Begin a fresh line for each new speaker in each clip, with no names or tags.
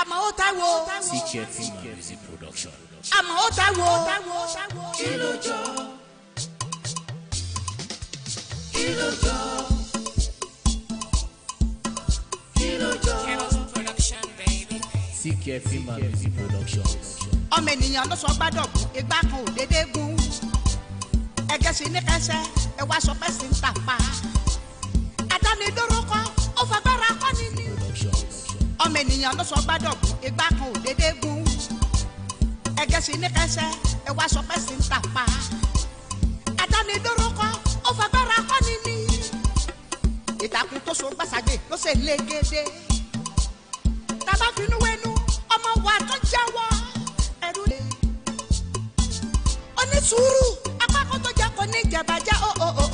àmọ́ ó ta wo.
cgf music production. àmọ́
ó ta wo. kí ló jọ kí ló
jọ kí ló jọ.
cgf music production.
ọmọ ènìyàn ló sọ gbádọ̀gùn igbá kan ò déédéé gún ẹgẹ sí ní kẹsẹ ẹ wá sọ pé sí ń tàpá adánidóró kọ́ ọmọ ènìyàn ló sọ gbádọ̀gùn igbá kan ò déédéé gún ẹgẹ sí ní kẹsẹ ẹ wá sọ pé sí ń tà pa àdánidórúkọ ó fagbára kọ́ni ní ìtàkùn tó so gbàsàgbé ló ṣe légede tábà finú wẹnu ọmọ wa tó jáwọ́ ẹrú lè onísùúrù apákan tó jẹ kò ní jẹbàjẹ o o o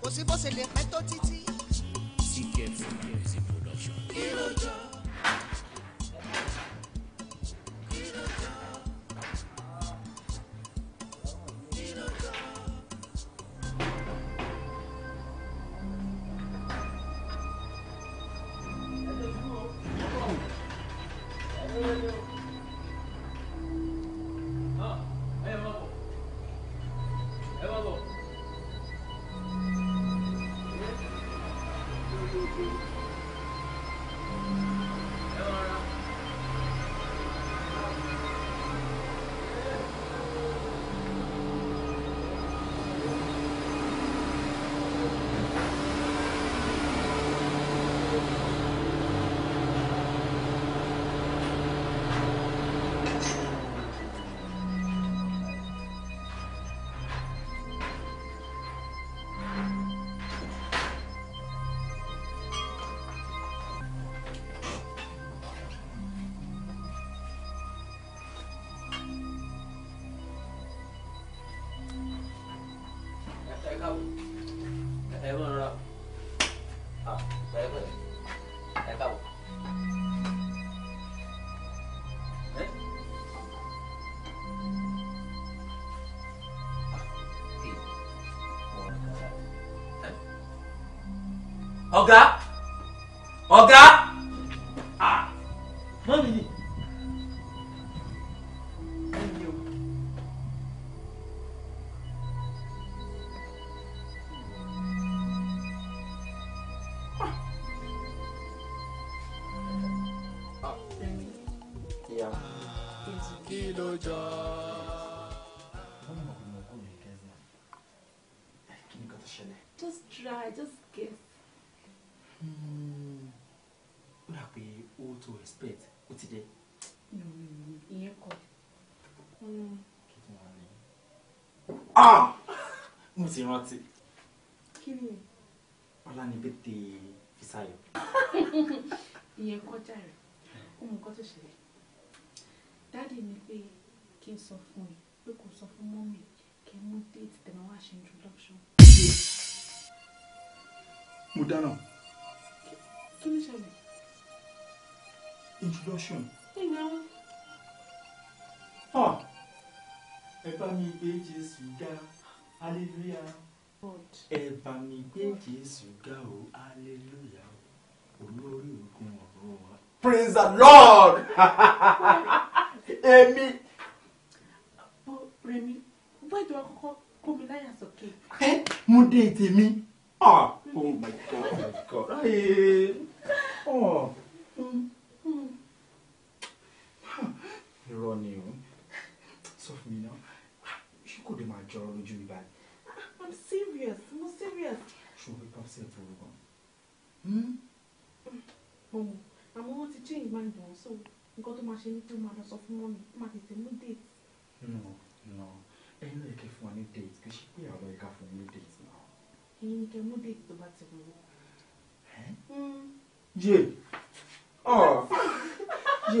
kò sí bó ṣe lè pẹ́ tó títí. You know.
ọ̀gá ọ̀gá.
to expect ó ti dé.
Mm-hmm. ìyẹn kọ.
Mm.
kí ni wọ́n ní. Ah! mo ti rántí. kí ni. ọlá ni bẹ́tẹ̀ Fisáyọ̀.
ìyẹn kọjá rẹ̀ ohun nǹkan tó ṣẹlẹ̀ dáàdi mi pé kí n sọ fún ẹ pé
kò sọ fún mọ́mì kí n mú déètì tẹ̀lé wá ṣe introduction. mo dáná.
kí ló ṣẹlẹ̀
introduction. Hey now. Ah,
ẹ bá mi gbé Jésù ga, hallelujah. Ẹ bá mi gbé Jésù ga o, hallelujah. Olórí ogun ọ̀rọ̀
wa. Praise the Lord! Èmi. Rèmi, bẹ́ẹ̀ tó akọ́kọ́ kó mi láyà sókè. Ẹ mú dé
tèmi. Ah, oh my God, oh my mm. God. Ayé. Oh irọ́ ni o
sọ fún mi náà ṣé kò dé máa jọrọ lójú mi báyìí.
I'm serious hmm? mo serious.
ṣùgbọ́n pípa sí ẹ̀fọ́ orúkọ.
ọmọ
àmọ́ wọ́n ti change mind wọn so nǹkan tó máa ṣe ní pé ó máa lọ sọ fún mọ́mi ó máa tètè mú date.
no no ẹyin ló yẹ kí fún wa ní date kì í ṣe pé àwọn ẹ̀ka fún mi ní date náà.
ẹyin ni kẹ mú date tó bá ti wù ú. Hmm.
yé ọ yé.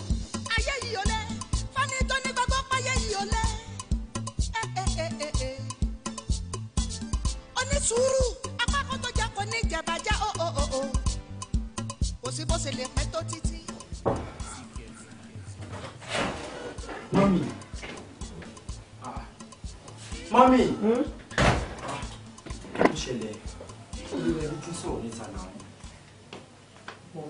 sùúrù apá tó jà kò ní jàbájá o o o kò sí bó ṣe lè pẹ́ tó títí.
mọ́mì mọ́mì ń
hmm? ah, ṣẹlẹ̀ ìlú ẹbí tí sọ̀rọ̀ níta náà mo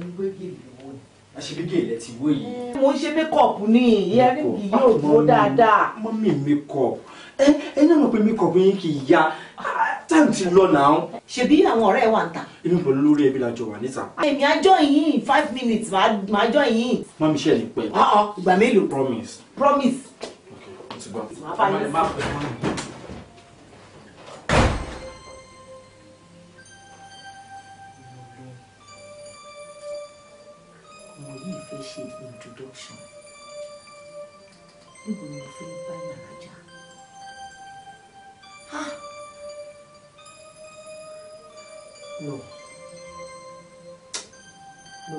ń gbé gèlè lọ́wọ́ àṣebíkè ilẹ̀ ti wó yìí.
mo ń ṣe mékọ̀pù ní ìyá ríngì yóò dúró dáadáa.
mo mi mékọ̀pù ẹ ẹ náà mo pe mékọ̀pù yín kì í ya táìmù ti lọ náà. ṣebí àwọn ọ̀rẹ́ wa ń ta. inú pẹ̀lú lórí ẹbí la jọ wà níta. èmi àjọ yìí five minutes màá jọ yìí. má mi
ṣe ẹ̀ ní pẹ́. Ah, ah, ìgbà mélòó. promise.
promise. ok mo ti gbà. má pẹ́ mọ́ mi.
introduction níbo ni mo fẹ́ bá ìyàrájà no
no.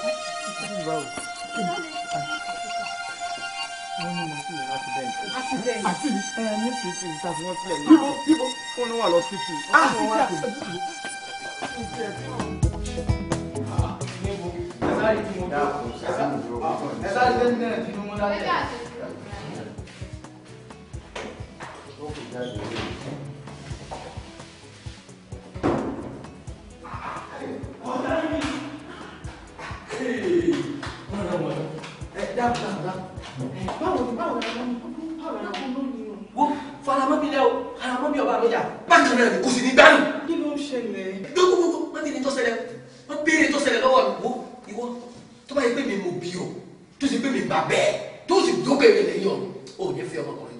àǹtí mi. ẹ ní
sísì ìta tí wọ́n tilẹ̀ yìí. bíbó bíbó
wọn ni wà lọ sí tù. a ti ká ọ̀dà mi.
Hey, báwo ni báwo ni báwo ni wo faramọ́bílẹ̀ o faramọ́bí ọba àlọ́jà bákan náà ni kò sì ní gbánu.
kí ló ń ṣẹlẹ̀.
dókòwòkò wọ́n ti ní tó ṣẹlẹ̀ wọ́n béèrè tó ṣẹlẹ̀ lọ́wọ́ mi wo
ìwọ tó bá yẹ pé mi mo bí o tó sì pé mi bà bẹ́ẹ̀ tó sì dókè mi lẹ́yìn o ò ní fi ah! ọmọkùnrin.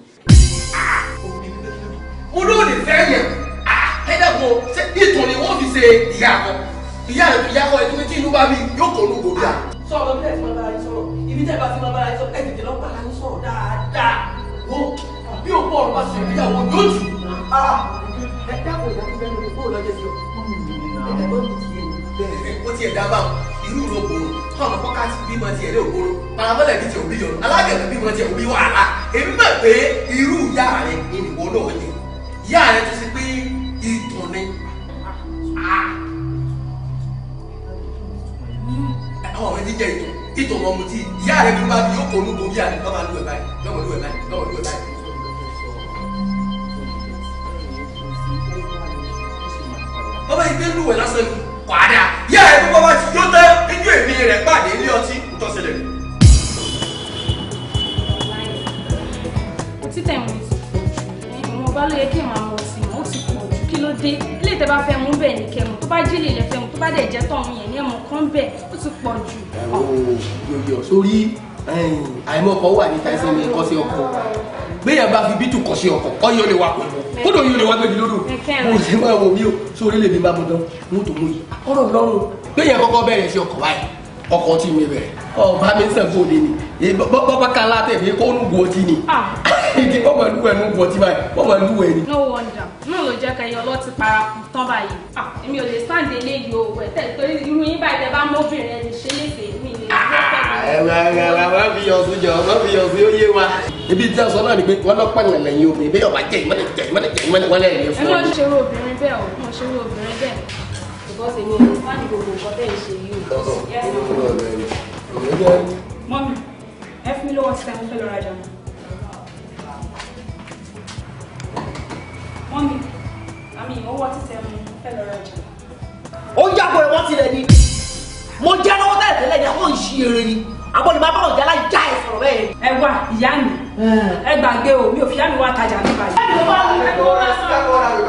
mo lóò lè fẹ́ yẹn
ah! ẹ dàgbọ́ ṣé ìtàn ni wọ́n fi ṣe ìyá àkọ́ ìyá rẹ̀ ìyá àkọ́ ẹni tí inú bá mi yóò kọ́ lóògùn bí
i. sọ̀rọ̀ bí ẹ̀ ti máa bára yín sọ̀rọ̀ ibi tẹ́ ẹ bá ti máa bára yín sọ̀rọ̀ ẹ̀ tètè lọ́ọ́ bára yín sọ̀rọ̀ dáadáa ṣùgbọ́n bí òpó ọ̀rọ̀ bá ṣe ìgbéyàwó yóò jù. Ah! ẹ dákun ìyá tó bẹ́ẹ̀ lórí bóòlù lọ́jọ́ sí ọ. ẹ̀ẹ́dẹ̀ ló ń bù sí ẹ̀. ó tiẹ̀ dábàá irú ìlú ògbóró
tọ́nà kọ́ká ti bímọ tiẹ̀ lé ògbóró paramọ́lẹ̀ ní ti òbí yọ̀nù alágẹ̀mí bímọ tiẹ̀ òbí wàhálà èmi mọ̀ pé irú ìyá rẹ̀ ìnìwọ̀ náà jẹ ìyá rẹ̀ tó ṣe pé ìtàn ni.
Ah! àwọn ọ̀rẹ́ ti jẹ́ ìtàn ìtò wọn mutí ìyá rẹ bí wọn bá bí yóò kó onú gbòógì àná lọ́mọ lù ẹ̀ báyìí lọ́mọ lù ẹ̀ báyìí lọ́mọ
lù ẹ̀
báyìí.
ọba yìí gbé lúwẹ̀ lásán ni padà
ìyá rẹ bí wọn bá ti yóò tẹ
ẹjọ èmi rẹ pàdé ilé ọtí ntọ́sílẹ̀.
títẹ̀ mọ̀ ìwọ̀nba ló yẹ kí n máa mọ̀ ọ́ ló dé ilé ìtẹ́ bá fẹ́ mú bẹ́ẹ̀ ní kẹ́mu tó bá jílì ilẹ̀ fẹ́ mu tó bá dẹ̀ jẹ́ tọ̀hún yẹn ní ẹ̀mọ kan bẹ́ẹ̀ ó ti pọ̀ jù.
yòyò sórí àìmọ̀kọ wà ní táìsí ní ẹ̀kọ́ sí ọkọ̀ gbéyà bá fi bítù kọ̀ sí ọkọ̀ ọyọ lè wà pẹ̀lú kódò yóò lè wá gbẹ̀bí lóru mo sì máa wò mí o sórí lèmi bá mo dán mo tó mo yìí ọ̀rọ̀ lọ́rùn gbéyà kọ́kọ́ bẹ̀rẹ̀ sí ọkọ̀ báyìí ọkọ̀ tí mi bẹ̀rẹ̀ ọ̀ bá mi sàn fún òde ni bọ́bá kan látẹ̀ mi kó ń gun ni ìdí wọ́n máa lúwẹ̀ ní bọ̀tí báyìí wọ́n máa lúwẹ̀ ni.
no wonder náà ló jẹ́ kẹyìn ọlọ́tí paraku tán báyìí ah, èmi ò lè sáǹdé eléyìí o wẹ̀ tẹ̀ torí irú yín báyìí tẹ bá mọ́bìnrin ẹni ṣe léṣe mi lè
ah, ibi tí a sọ náà ni pé wọn lọpọ ìrìnà lẹ́yìn obìnrin bí ọba jẹ ìmọlẹ jẹ ìmọlẹ jẹ ìmọlẹ wọlé ẹ fún ọ. ẹ má ṣe
irú obìnrin bẹ́ẹ̀ o má ṣe irú obìnrin bẹ́ẹ̀. because èmi ò ní sáàdì gbogbo nǹkan tẹ̀ ń ṣe yìí o. mọ́mi ẹ fún mi lọ́wọ́ sí ẹ̀ mo fẹ́ lọ rajà mọ́. mọ́mí àmì ìmọ̀wọ́ ti tẹ̀
mú fẹ́ lọ́rọ̀ ẹ̀jẹ̀.
ó yàgò ẹ̀ wọ́n tilẹ̀ ni mo jẹ́ lọ́wọ́ tẹ́lẹ̀ tẹ́lẹ̀ ni àwọn ìṣiyèrè ni àbọ̀lì bá báwọn ìjà láì já ẹ̀ sọ̀rọ̀ bẹ́ẹ̀. ẹ wá ìyá mi eh. ẹ gbàgbé o mi ò fi ìyá mi wá tajà ní báyìí. ẹ ló bá wù mí kó wá sọ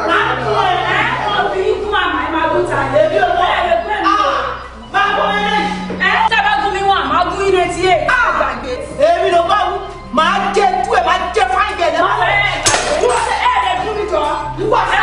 máa kú ẹ ẹ obìnrin kú àmà ẹ máa gún ta èmi ò bá ẹ lè gbé mi o máa bọ ẹ lẹ́yìn. ẹ sábà gún mi wọn àmọ́ gún iná tí ẹ á gbàgbé. èmi ló bá wù máa jẹ tú ẹ máa jẹ fáìgẹ̀ lẹ́kọ̀ọ́. 你管呀。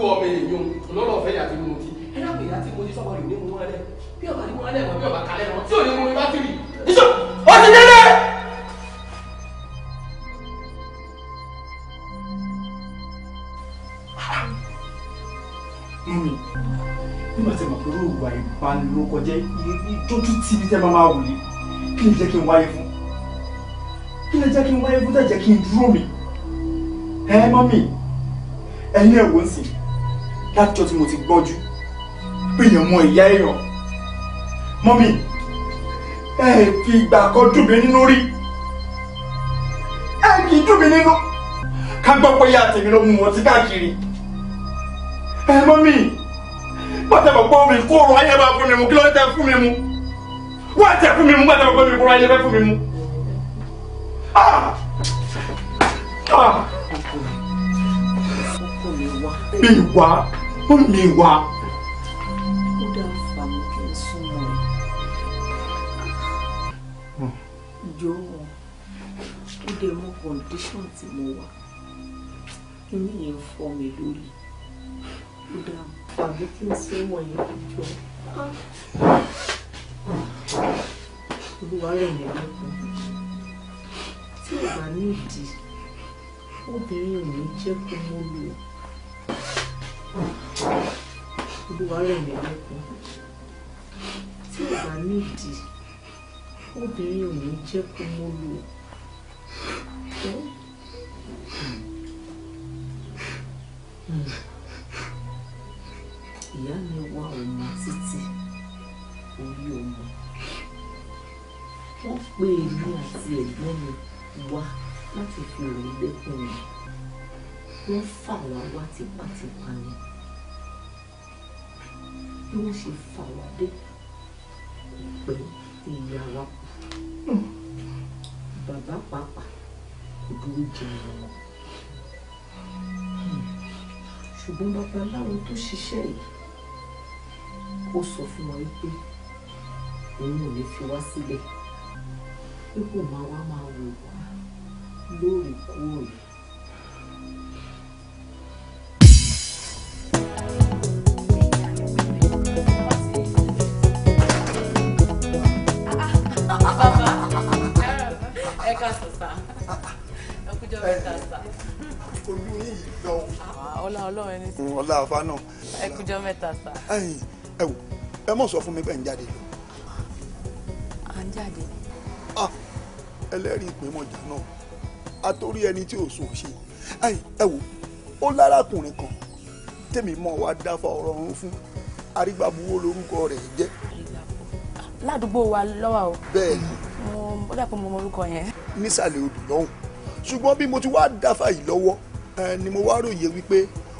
irú ọmọ èèyàn lọ́rọ̀ ọ̀fẹ́ yàtí mo ti
ẹ dàpọ̀ ìyá tí mo ti sọ́kọ̀
rè ní mo rẹ̀ bí ọba ní mo rẹ̀ mọ̀ bí ọba kalẹ̀ mọ̀ tí ò ní mo rí bátìrì. ìṣó ó ti délé. mímì nígbà tí mo pẹ̀lú
ìwà ìbanilókọjẹ́ ìdójú tí ibi tẹ́ máa máa wòye kí ni jẹ́ kí n wáyé fún kí ni jẹ́ kí n wáyé fún tẹ́ jẹ́ kí n dúró mi ẹ mọ́mì ẹ̀yin ẹ̀wọ̀n sìn látijọ́ tí mo ti gbọ́njú èèyàn mọ ìyá èèyàn mọ́mí ẹ fi ìgbà kan dùn mí nínú rí ẹ kì í dùn mí nínú ká gbọ́ pé ìyá tèmi ló mú
wọn ti káàkiri ẹ mọ́mí pàtàkì pé omi kóró ayé máa fún mi mu kí ló ń tẹ fún mi mu wọ́n tẹ fún mi mu pàtàkì pé omi kóró ayé máa fún mi mu. Ah! Ah!
mi wá ó mi wá. ó
dá àǹfààní
kí n súnmọ́
ẹ jọ wọn ó dé mọ kọndíṣọ̀n tí mo wà inú yẹn fọ́ mi lórí ó dá àǹfààní kí n súnmọ́ ẹ jọ. olúwa rẹ̀ yẹn lọ́kùnrin tí ò bá ní obìnrin ò ní jẹ́ kó mọ́ lò ó. Ndiwale mbeleko. Si wabaniti. Ubi ni uniche
kumulu.
Ya ni wa umasiti. Uli umu.
Ufwe ni
asiedoni wa. Nati fi uribe kumulu. wọ́n fà wá wá tipátipá ni bí wọ́n ṣe fà wá dé pé ìyá wa bàbá pàápàá ìdúró jẹ wọn ṣùgbọ́n babaláwo tó ṣiṣẹ́ yìí ó sọ fún wa wípé òun ò lè fi wá sílẹ̀ pé kò máa wá máa wò wá
lóòrèkóòrè.
àsán sá ẹ kújọ mẹ́ta sá. olú yìí lọ. ọlá ọlọ́run ẹni
sí. ọlá afa náà.
ẹ kújọ mẹ́ta sá.
ẹ̀yin ẹ wò ẹ mọ̀ sọ fún mi bẹ́ẹ̀ ń jáde. à ń jáde. Ah, ẹlẹ́rìí ìpínmọ̀jà náà a torí ẹni tí ò sùn ṣe ẹ̀yin ẹ wò ó lárakùnrin kan tèmi mọ̀ wá dáfà ọ̀rọ̀ ọ̀run fún arígbàbuwó lórúkọ rẹ̀ jẹ́.
ládùúgbò wa lọ́wọ́ o. bẹ́ẹ̀ ó dàpọ̀ mọ́ orúkọ
yẹn. nísàlẹ̀ odò lọ́hùn ṣùgbọ́n bí mo ti wá dáfà yìí lọ́wọ́ ni mo wá ròyè wípé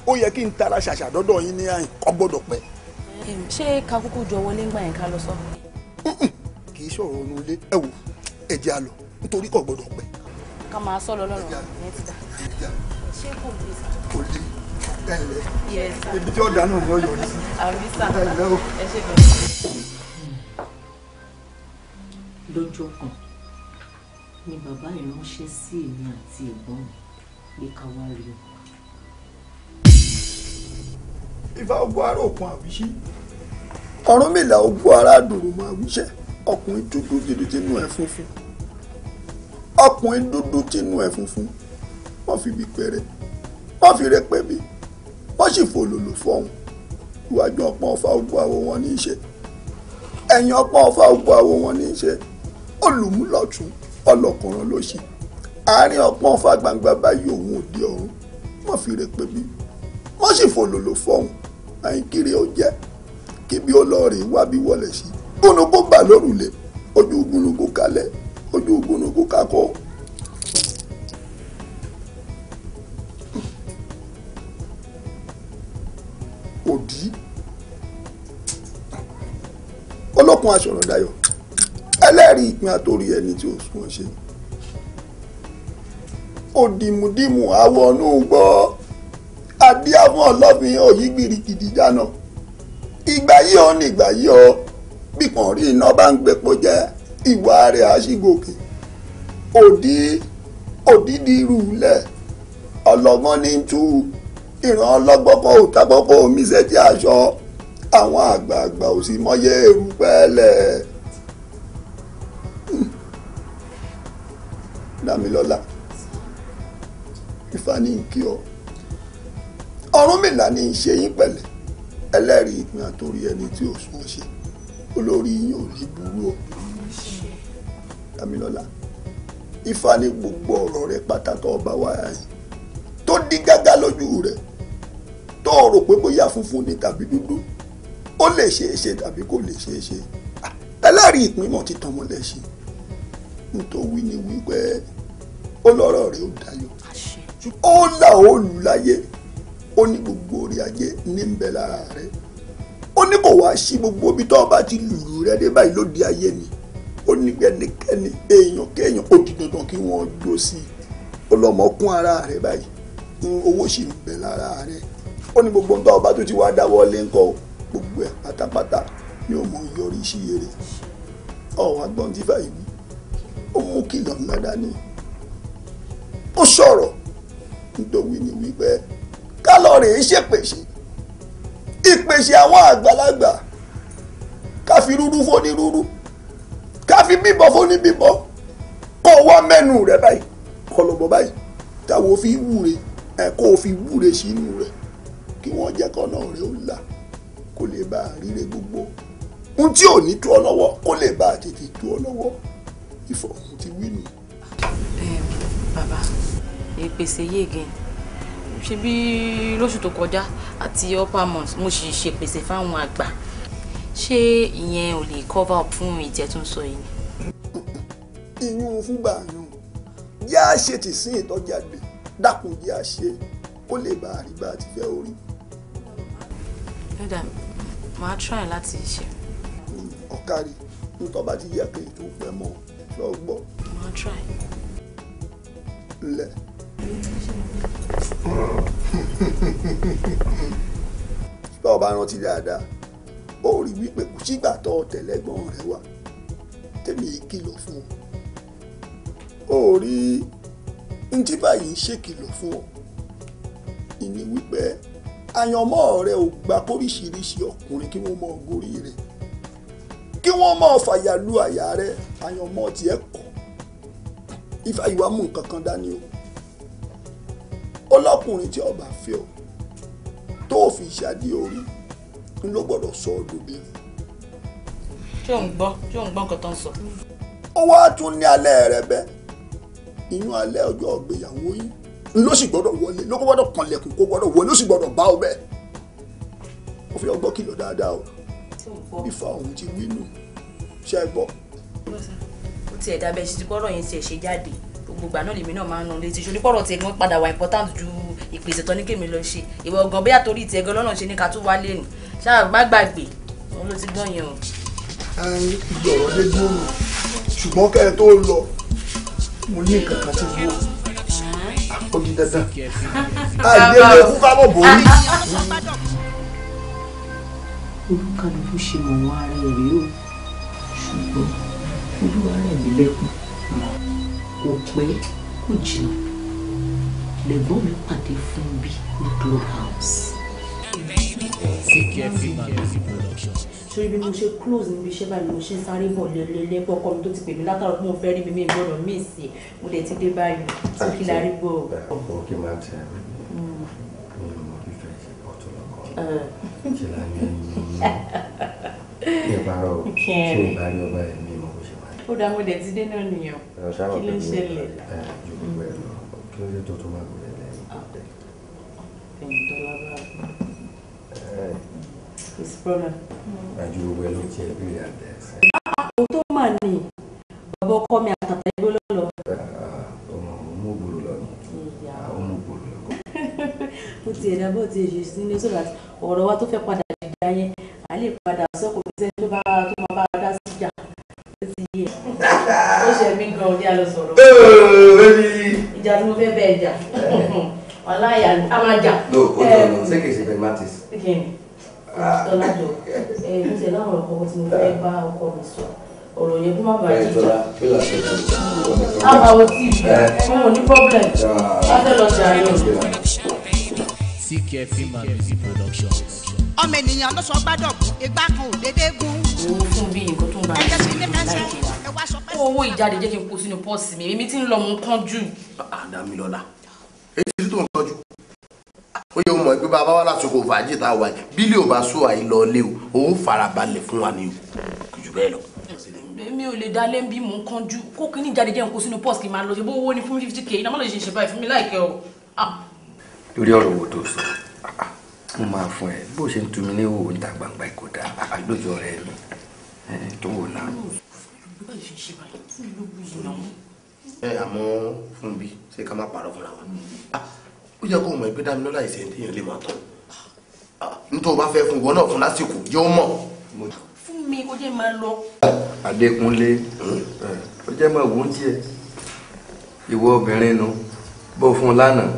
ó yẹ kí n tara ṣàṣà dọ́dọ̀ yín ní àyìn kọ́ gbọ́dọ̀ pẹ́.
ṣé kakúkú jọ wọlé ńgbà yẹn ká lọ sọ.
kì í ṣòro ọ̀run ilé ẹ wò ẹ̀jẹ̀ àlọ́ nítorí kò gbọ́dọ̀
pẹ́. ká máa sọ lọ lọ́rùn ẹ̀ kan
ni bàbá yìí ránṣẹ́ sí èmi àti ẹ̀gbọ́n mi pé ká wá rí o.
ìfà ogun ara òkun àwíṣe Ọ̀rúnmìlà ogun ara dòrò mọ́ àwíṣe ọkùnrin dúdú gidi tínú ẹ̀ funfun ọkùnrin dúdú tínú ẹ̀ funfun wọ́n fi bí péré wọ́n fi rẹ pé mi wọ́n sì fòlòlò fọ́hùn iwájú ọpọ́n ọfà ogun àwọ̀ wọn ní í ṣe ẹ̀yìn ọpọ́n ọfà ogun àwọ̀ wọn ní í ṣe olùmúlọ̀tún ọlọ́kùnrin ló ṣe àárín ọpọ́n fa gbangba báyìí òun òde ọ̀run wọ́n fi rè pé bí wọ́n sì fòlòlò fọ́hùn àyín kiri ó jẹ́ kí bí ó lọ rè wá bí wọlé sí i gbónúgbó bà lórùlé ojú gbónúgbó kalẹ̀ ojú gbónúgbó kakọ́. òdì ọlọ́kùnrin aṣọ̀rọ̀ dayọ̀ ẹlẹ́rìí ìpín àtòrí ẹni tí ó sún ọṣẹ òdìmúdìmú àwọn ọ̀nù gbọ́ adíámọ̀ ọlọ́fin òyí gbìrìgìdì dáná ìgbà yìí ó ní ìgbà yìí ó bí kan rí iná bá ń gbẹ̀pọ̀ jẹ́ ìwà rẹ̀ àṣìgòkè òdì òdìdí rúulẹ̀ ọlọ́gbọ́n ní tú ìran ọlọ́gbọ́n kò tàgbọ́n kò mí sẹ́tì aṣọ àwọn àgbààgbà ò sì mọyé erùpẹ̀ lẹ̀. Dámilọ́lá Ifá ní kí ọ Ọ̀rúnmìlà ní í ṣe yín pẹ̀lẹ́ ẹlẹ́rìí ìpín àtòrí ẹni tí ò sún ṣe olórí yín ò ní burú o Dámilọ́lá Ifá ní gbogbo ọ̀rọ̀ rẹ pátátó ọba wáyà yìí tó dí gágá lójú rẹ tó rò pé bóyá funfun ni tàbí dúdú ó lè ṣeé ṣe tàbí kò lè ṣeé ṣe ẹlẹ́rìí ìpín mọ̀ títàn ṣe nítorí ni wípé ọlọ́rọ̀ rẹ̀ ó dayọ̀ ó là ó lù láyé ó ní gbogbo orí ajé ní ń bẹ lára rẹ̀ ó ní kò wá sí gbogbo ibi tó bá ti lùlù rẹ̀ dé báyìí ló di ayé ni ó ní ẹnikẹ́ni èèyàn kéèyàn ó di dandan kí wọ́n jó sí i ó lọ́mọ kún ara rẹ̀ báyìí owó sì ń bẹ lára rẹ̀ ó ní gbogbo nǹkan ọba tó ti wá dáwọ́ lé ńkọ́ gbogbo ẹ̀ pátápátá ni ó mọ yọrí sí eré ọ̀wá gbọ́n tí fàyè ó mú kìlọ̀ ńlá dání ó sọ̀rọ̀ nítorí ni wípé kálọ̀rì ṣèpèsè ìpèsè àwọn àgbàlagbà ká fi rúrú fóní rúrú ká fi bíbọ fóní bíbọ kó wá mẹ́nu rẹ̀ báyìí kọlọ̀bọ̀ báyìí táwọn fi wúre ẹ̀ kó o fi wúre sínú rẹ̀ kí wọ́n jẹ́ kọ́ náà rẹ̀ ó là kó lè bá a ríre gbogbo ohun tí ò ní tú ọ lọ́wọ́ kó lè bá a tètè tú ọ lọ́wọ́ ìfọ̀hún ti wí nù. ẹ
bàbá ìpèsè yé again ṣe bí lóṣù tó kọjá àti upper month mo sì ṣèpèsè fáwọn àgbà ṣé ìyẹn ò lè cover up fún ìjẹ tó ń sọ yìí.
ìyún fúgbà yàn yá ṣe tì sí ìtọ́jà gbè dákun yá ṣe kó lè bá àrígbá àti fẹ́ orí.
madam màá try láti ṣe.
ọ̀kárí nítorí bá ti yẹ kéèyàn tó pẹ́ mọ́ lọ́gbọ́. màá try lẹ. bá o bá rántí dáadáa ó rí wípé kò sígbà tó tẹ̀lẹ́gbọ́n rẹ wá tèmi kìlọ̀ fún ọ ó rí ntí báyìí ń ṣèkìlọ̀ fún ọ ìní wípé àyànmọ́ rẹ ò gba kóríṣiríṣi ọkùnrin kí wọ́n mọ gorí rẹ kí wọ́n mọ fàyà lu àyà rẹ àyànmọ́ tiẹ̀ kọ́ Ifáyìwá mú nǹkan kan dání o ó tí ọba fẹ́ o tó fi ṣáde orí ló gbọ́dọ̀ sọ ọ́ dòbìnrin.
tí ò ń gbọ́ tí ò ń gbọ́ nǹkan tó ń sọ.
ó wá tún ní alẹ́ rẹ bẹ́ inú alẹ́ ọjọ́ ọ̀gbéyàwó yìí ló sì gbọ́dọ̀ wọlé ló gbọ́dọ̀ kanlẹ̀kùn kó gbọ́dọ̀ wọlé ó sì gbọ́dọ̀ bá ọ bẹ́ẹ̀ ó fi ọgbọ́n kìlọ̀ dáadáa o Ifá òun ti wí nù ṣe é gbọ́
tiẹ̀ dábẹ́ ṣe ti pọ́rọ̀ yẹn tiẹ̀ ṣe jáde gbogbo ìgbà lèmi náà máa ń nu létí ṣe onípọ̀rọ̀ tiẹ̀ gan padà wà important ju ìpèsè tán ní kèmi lọ ṣe ìwọ gan bóyá torí tiẹ̀ gan lọ́nà ṣe ní ká tún wá lé ṣáà má gbàgbé òun ló ti gbọ́n
yẹn o. ìgbọ̀rọ̀ dé dúró ṣùgbọ́n kẹ́ ẹ tó lọ mo ní nǹkan kan tí mo àpọ̀jù dandan
àìdéwé fún kábọ̀ bòórí.
olùkàlùkù ṣe mọ̀ wọ́n ara rèé o ṣùgbọ́n olúwa rẹ̀ mí lẹ́kùn kò pé kò jìnnà lẹ́gbọ́n mi pàdé fún bí ní clubhouse.
ṣé ibi mo
ṣe close níbi iṣẹ́ báyìí mo ṣe sáré bọ̀ lẹ́lẹ́lẹ́ pé ọkọ mi tó ti pè mí látàrọ̀ pé mo fẹ́ rí mi mi gbọ́dọ̀ mí sí e. i mo dẹ̀ ti dé báyìí tí kí la rí gbọ́. ṣe pọ
tó lọkọ ṣe ní ìbára ah. ò tí ò ọba ẹ ní
ó dá mo dẹ̀ ti dé náà nìyẹn kí ló ń ṣẹlẹ̀.
kí ló dé tó tó máa gbọ́dọ̀ lẹ́yìn. ẹ̀yìn tó lábàá. his problem. àjù gbogbo ẹ
ló tiẹ̀ bí ìyá dẹ̀
ẹsẹ̀.
àwọn ah, tó mà ní bàbá ọkọ mi àtàtà ẹgbẹ́ lọ́lọ́.
Ah, ọmọ ọmọ ògbòrò lọ ni ọmọ ah, ògbòrò lọ.
bó tiẹ̀ dá bó tiẹ̀ ọ̀rọ̀ wa tó fẹ́ padà dìgbà yẹn à lè padà sọ́kùnrin sẹ́ni tó bá tó máa bá dá síjà ti yé ó ṣe mí gan ọdí alọ sọ̀rọ̀ ìjà tí mo fẹ́ bẹ ẹjà wàláyà a máa jà.
no o jọ lọ ṣé kìí ṣe pragmatist.
tọ́lájọ ẹ mo ṣe láwọn ọ̀rọ̀ kọ́kọ́ tí mo fẹ́ bá ọkọ mi
sọ ọ̀rọ̀ yẹn kó má bàa jíjà
á máa wo tíìbì ẹ mo ní problem wá fẹ́ lọ jà yẹn.
CKFM Music Productions.
ọmọ ènìyàn ló sọ gbádùn ìgbà kan ò déédéé
gún òun fún bí nǹkan tó ń bá mi
ṣe láìpẹ́ wa kó owó ìjáde jẹ́ kí n kó sínú pọ́ọ̀sì mi èmi tí ń lọ mú kán jù.
àdámi lọ́la etí tó ń tọ́jú ó yẹ mọ̀ pé bàbá wa lásìkò fàájì tá a wà yìí bílí ò bá sọ àyè lọ lé o òun farabalẹ̀ fún wa ni o
jù bẹ́ẹ̀ lọ. mi ò lè dá lé bí mò ń kó kí ní ìjáde jẹ́ kó sínú pọ́ọ̀sì kì í máa lọ sí bó owó ni fún fifty k iná má lè ṣe ìṣẹ̀bá ìfún mi láìpẹ́ o. Ah.
lórí ọ̀rọ̀ wo tó sọ mo máa fún ẹ bó ṣe ń tu mi ní òwò níta gbangba kò dá àgbàlójọ rẹ ni tó wò náà. ẹ àmọ́ fún bí ṣé ká má parọ́ fúnra wa ó yẹ kó mọ̀ ẹgbẹ́ dá mi lọ́la ìṣẹ̀ ní èèyàn lè máa tọ́ nítorí o bá fẹ́ fún ìwọ náà fún lásìkò yóò mọ̀.
fún mi kó jẹ́ máa lọ.
Adékúnlé ó jẹ́ máa wọ́n tiẹ̀ ìwọ obìnrin nu bó fún lánàá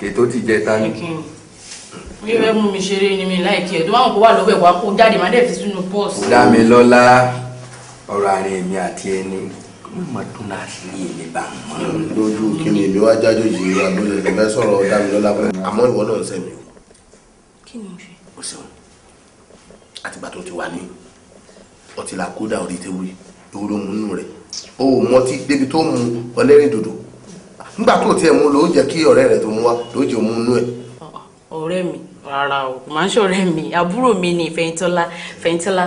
kètò ti jẹ tani
bí ẹ mú mi ṣeré ni mi láìkí ẹ tó máa ń kó wà lọ́wọ́ ẹ̀ wá kó jáde má dẹ̀ fi sínú pọ́ọ̀sì.
Dámilọ́lá ọ̀rọ̀ àárín èmi àti ẹni mo máa tún náà sí èmi bá mọ́. Hmm, lójú kíni èmi wá jájọ yìí wà lórí ẹ̀ fẹ́ sọ̀rọ̀ Dámilọ́lá bọ́ àmọ́ ìwọ náà ṣẹ̀ mi.
kí ni mo ṣe. o
ṣeun àtìgbà tó ti wà ní ọtí la kódà orí tewé ìwúrò mu nù rẹ̀ o ò mọtí débi tó mu ọlẹ́rìn dòdò nígbà tó tiẹ̀ mu ló jẹ́ kí ọ̀rẹ́ rẹ̀ tó mu wá ló jẹ́ òmu nù ẹ̀.
ọ̀rẹ́ mi rárá o máa ń ṣọ̀rẹ́ mi àbúrò mi ni Fẹ́yìntọ́lá Fẹ́yìntọ́lá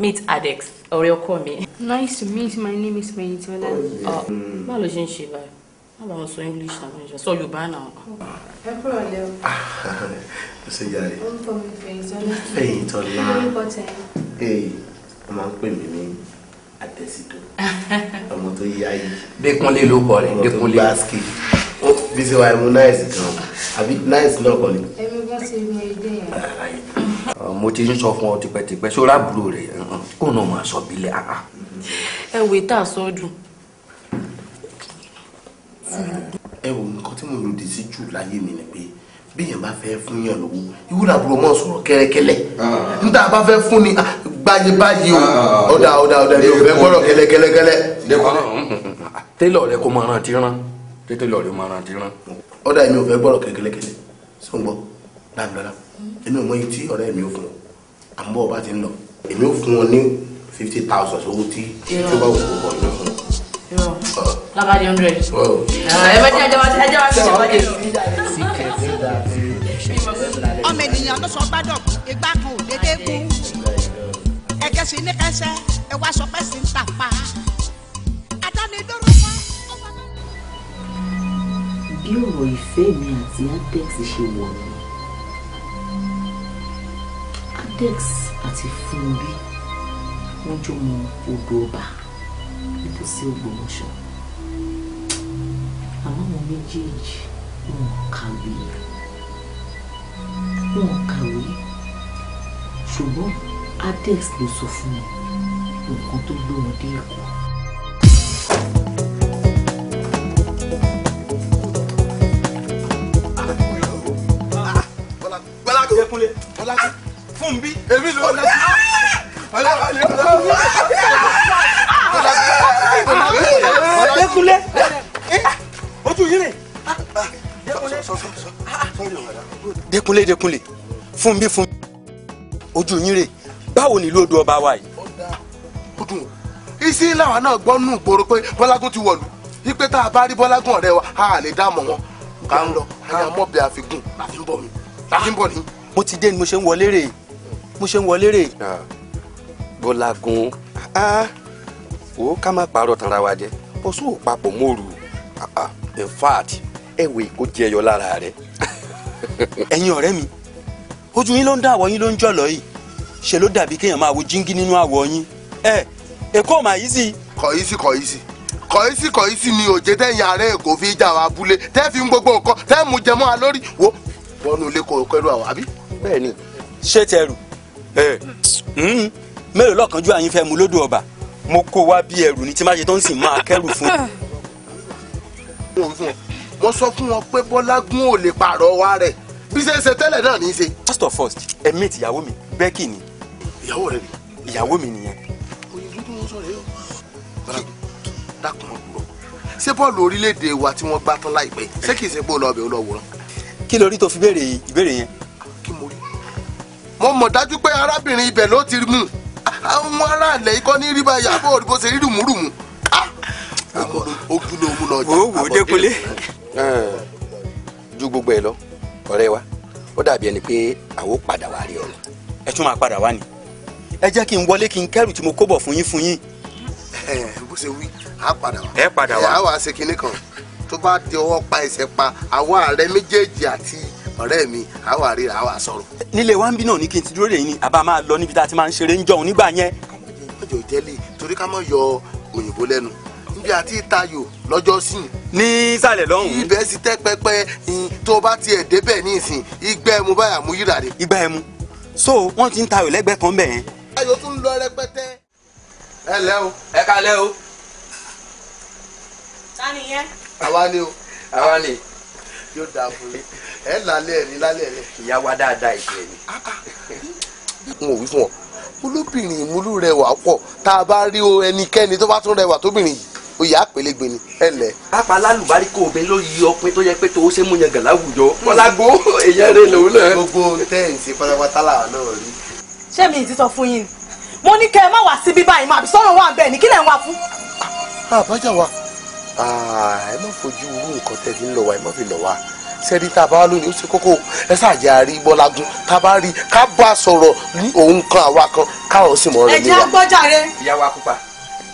meet Adex ọ̀rẹ́ ọkọ mi. nice to meet my name is Fẹ́yìntọ́lá. báwo ló ṣe ń ṣe báyìí báwo ló sọ English náà ló sọ Yorùbá náà.
ẹ kúrò lẹ o. Ah,
ó ṣe yàrá.
ó ń pọ̀ mi Fẹ́yìntọ́lá. Fẹ́yìntọ́lá.
ee eh, wọ́n máa ń pè mí ní Adésídò ọmọ tó yá yìí. Dékúnlé bí ṣe wà mú nice gan àbí nice náà kọ́ ni.
ẹ̀mí bá ṣe mi èdè yẹn.
mo ti ń sọ fún ọ tipẹ́tipẹ́ sórí àbúrò rẹ̀ kó náà máa sọ bílẹ̀ àá. Ah,
ah. ẹ wò tá a sọ dùn.
ẹ wò nǹkan tí mo lòdì sí jù láyé mi ni pé bíyàn bá fẹ́ fún yàn lówó ìwúrà àbúrò mọ̀ sọ̀rọ̀ kẹ́lẹ́kẹ́lẹ́ ah. níta bá fẹ́ fún ni báyé báyé o ọ̀dà ọ̀dà ọ̀dà ni o fẹ́ gbọ́dọ̀ kẹ́lẹ́kẹ́lẹ́kẹ́lẹ́. tẹ́lọ̀ rẹ kò mọ̀ ràn ti rán tètè lọ́ọ̀rì máa rántí rán. ọ̀dà èmi ò fẹ́ gbọ́rọ̀ kékeré sọ ń gbọ́ dáadáa èmi ò mọ iye tí ọ̀rẹ́ mi ò fún ọ àmọ́ ọba ti ń lọ èmi ò fún ọ ní fifty thousand owó tí tó bá wù ú bọ̀ ìlú
hundred. ẹ bá jẹ́ ẹjọ́ wá sí ẹjọ́
ọmọ ènìyàn ló
sọ gbádùn ìgbà kan ò dédé kú ẹ̀kẹ́sì ní kẹsẹ́ ẹ wá sọ sí ń tàpá adánidóró
bí ọ̀rọ̀ ìfẹ́ mi àti adex ṣe wọ̀ mí adex àti Fúnbí wọ́n jọ mọ odò ọba nítòsí Ògbómọ̀ṣọ́ àmọ́ àwọn méjèèjì wọn kàwé wọn kàwé ṣùgbọ́n adex ló sọ fún mi nǹkan tó gbé wọn dé Èkó
Kúnlé. Ọlájú. Fún bí. Èmi ló Ọlájú. Ọlájú.
Ọlájú. Ọlájú. Dékúnlé.
Ojú yín rè.
Dékúnlé Dékúnlé. Fún bí fún ojú yín rè. Báwo ni ìlú odò ọba wa yìí? Ó dùn ó. Isi làwọn náà gbọ́ nù gbòòrò pé Bọ́lágún ti wọ̀lú. Ipe tá a bá rí Bọ́lágún ọ̀rẹ́ wa, a lè dá mọ̀ wọn. Ká ń lọ, ká ń mọ̀ bí a fi gùn, àfi ń bọ̀ mi, àfi ń bọ̀ ni. mo ti dé ni mo ṣe ń wọlé rè mo ṣe ń wọlé rè. bọ́lágun wo ká má parọ́ tanra wa jẹ́ ó sún òpapọ̀ mọ́ọ̀rù in fact ẹ̀wẹ̀ kò jẹyọ lára rẹ̀. ẹ̀yin ọ̀rẹ́ mi ojú yín ló ń dá àwọ̀ yín ló ń jọ̀lọ̀ yìí ṣe ló dàbí kéèyàn máa wo jíngí nínú ẹ èkó mà yìí sí. sí ni òjé tẹ̀yìn ààrẹ èkó fi jà wá abúlé fi ń gbogbo nǹkan tẹ́ mú jẹmọ́ wo ilé bẹ́ẹ̀ ni. ṣé tẹrù hmm, mélòó lọ́kànjú àyín fẹ́ mu lódò ọba mo kó wá bí ẹrù ni tí má ṣe tó ń sìn máa kẹ́rù fún. wọ́n sọ fún wọn pé bọ́lágún ò lè pààrọ̀ wa rẹ̀ bí ṣe ń ṣe tẹ́lẹ̀ náà ní í ṣe. first of all ẹ̀mí ti ìyàwó mi bẹ́ẹ̀kì ni. ìyàwó rẹ ni. ìyàwó mi nìyẹn. oyin dúdú wọn sọ rẹ yóò. dákun mọ gbọ ṣé bọ́ọ̀lù orílẹ̀-èdè wa tí wọ́n gbá tán láìpẹ́ ṣé kì í ṣe pé ó lọ bẹ̀ ó lọ wòran. kí lórí tó fi béèrè ìbéèrè yẹn mo mọ̀ dájú pé arábìnrin ibẹ̀ ló ti mú àwọn aráàlẹ̀ ikọ́ ní rí báyìí àbọ̀ òdìbò ṣe rí rùmùrùmù. ogun ló mú lọ jà. ju gbogbo ẹ lọ ọ̀rẹ́ wa ó dàbí ẹni pé àwọn padà wá rí ọ lọ. ẹ tún máa padà wá ni ẹ jẹ́ kí n wọlé kí n kẹ́rù tí mo kó bọ̀ fún a padà wá. kan tó bá di pa ẹsẹ̀ pa àwọn ààrẹ méjèèjì ọ̀rẹ́ mi àwa ríra àwa sọ̀rọ̀. nílé wa ń bí náà ní kí n ti dúró lè yín ni àbá máa lọ níbi tá a ti máa ń ṣeré ń jọun nígbà yẹn. ọjọ́ ìjẹ́lẹ̀ torí ká mọ̀ yọ òyìnbó lẹ́nu níbi àti tayò lọ́jọ́ sí. ní ìsàlẹ̀ lọ́hùn. ibẹ̀ sì tẹ́ pẹpẹ tó bá tiẹ̀ débẹ̀ ní ìsìn igbá ẹmu báyà mú yíra rè. igbá ẹmu so wọ́n ti ń tayò lẹ́gbẹ̀ẹ́ kan bẹ̀ ayò tún lọ rẹpẹtẹ. ẹ lẹ́ o ẹ kalẹ́ o. ta ni yẹn. àwa ni o. àwa ni. yóò dáa fún mi ẹ lálẹ́ ẹ̀ ní lálẹ́ rẹ̀. ìyá wa dáadáa ìgbẹ́ ni. Ah, ah. n ò wí fún ọ olóbìnrin ìmúlú rẹwà pọ̀ tá a bá rí ẹnikẹ́ni tó bá tún rẹwà tóbìnrin yìí ó yà á pélégbé ni ẹ lẹ. pápá lálùbárí kò bẹ ló yí ọpẹ tó yẹ pé tó ṣe mú yan gàlá wùjọ hmm. kọlágbó èèyàn rẹ lòun náà. gbogbo tẹ́ǹsì pátápátá làwọn náà rí.
ṣé mi ti sọ fún yín ni mo ní kẹ́ ẹ má wá síbí báyìí máa bí sọ́run wà bẹ́ẹ̀ ni kí lẹ̀ ń wá fún.
Ah, àbájá wa ẹ má fojú irú nǹkan tẹ́ fi ń lọ wa ẹ má fi lọ wa sẹ́rí tá a bá wà lónìí ó ṣe kókó ẹ ṣàjẹ́ àrí bọ́lágún tá a bá rí ká bá sọ̀rọ̀ ní òun kan àwa kan káwọn sì mọ̀ ọ́rẹ́ mi wá. ẹ jẹ́ agbọ́jà rẹ. ìyàwó akópa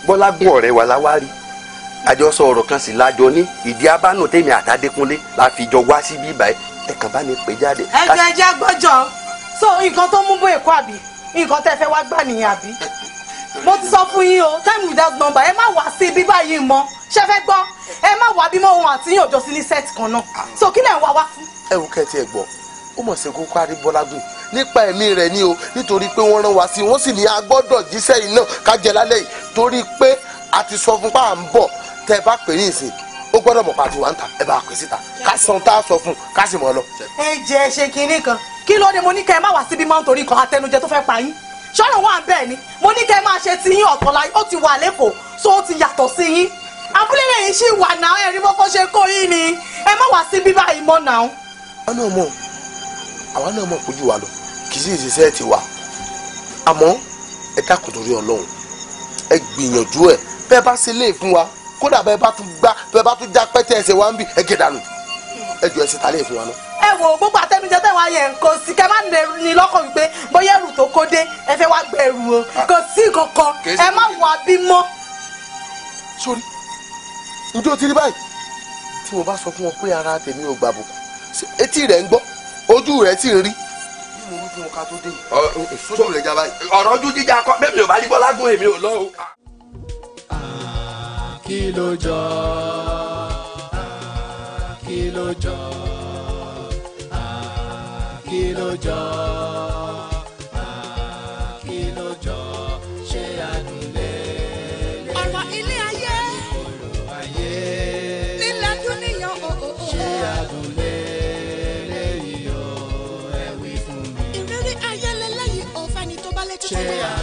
bọ́lágún ọ̀rẹ́ wa la wá rí àjọsọ ọ̀rọ̀ kan sì lájọ ní ìdí abánú tèmi àtàdékúnlé la fi jọ wá síbí ìbàyẹ ẹ kàn bá ní pè jáde. ẹ
jẹ́ ẹ so nǹkan tó mú bó èkó àbí nǹkan tẹ́ fẹ́ wá gbà nìyẹn àbí mo ti sọ fún yín o time without number má wá sí ibi báyìí mọ́ ṣe fẹ́ gbọ́ bímọ òun àti yín òjò sí ní set kan náà so kí lẹ̀ ń wá wá fún.
ẹ wò kẹ́ẹ̀tì ẹ̀ gbọ́ ó mọ̀ sí kókó àríbọ́lágùn nípa ẹ̀mí rẹ̀ ni o nítorí pé wọ́n rán wá sí i wọ́n sì ní agbọ́dọ̀ jíṣẹ́ iná kájẹ lálẹ́ yìí torí pé a ti sọ fún pa à ń bọ̀ tẹ́ bá pè ní ìsìn ó gbọ́dọ̀ mọ̀ pàtó wà ń tà ẹ bá pè síta ká san tá a sọ fún ká sì mọ̀ lọ.
ẹ jẹ ṣe kinní kan kí ló dé mo ní kẹ́ ẹ má wá síbi máa ń torí kan atẹnujẹ tó fẹ́ pa yín ṣọ́nà wà bẹ́ẹ̀ ni mo ní kẹ́ ẹ máa ṣe ti yín ọ̀tọ̀ láyé ó ti wà lẹ́kọ̀ọ́ so ó ti yàtọ̀ sí yín abúlé lẹ́yìn ṣì wà náà ẹ̀rí mọ́kọ́ ṣe kó yín ni ẹ má wá sí bíbá yìí mọ́ náà.
àwa náà mọ̀ àwa náà mọ̀ pójú wa lọ kì í sì ṣiṣẹ́ ti wà àmọ́ ẹ dákun torí ọlọ́run ẹ gbìyànjú ẹ bẹ́ẹ̀ bá ṣe lè fún wa kódà bẹ́ẹ̀ bá tún gbá bẹ́ẹ̀ bá tún já pẹ́tẹ́ ẹsẹ̀ wa ń bì ẹ gé dànù ẹ jọ ẹsẹ̀ ta lè fún wa náà.
ẹ wo gbogbo àtẹnujẹ tẹ wá yẹ nǹkan sí kẹ má ní lọ́kàn wípé bóyá ẹrù tó kó dé ẹ fẹ́ wá gbẹrù o ah. kò sí kankan ẹ má wà bímọ. sórí ǹjẹ́ o ti rí báyìí
tí mo bá sọ fún wọn pé ara tèmi ò gbàbùkù etí rẹ̀ ń gbọ́ ojú rẹ̀ sì rí ọ̀rọ̀ ojú jíjà kọ́ bẹ́ẹ̀ mi ò bá ní bọ́lá èmi ò lọ o.
kí ló jọ kí ló jọ kí ló jọ.
share.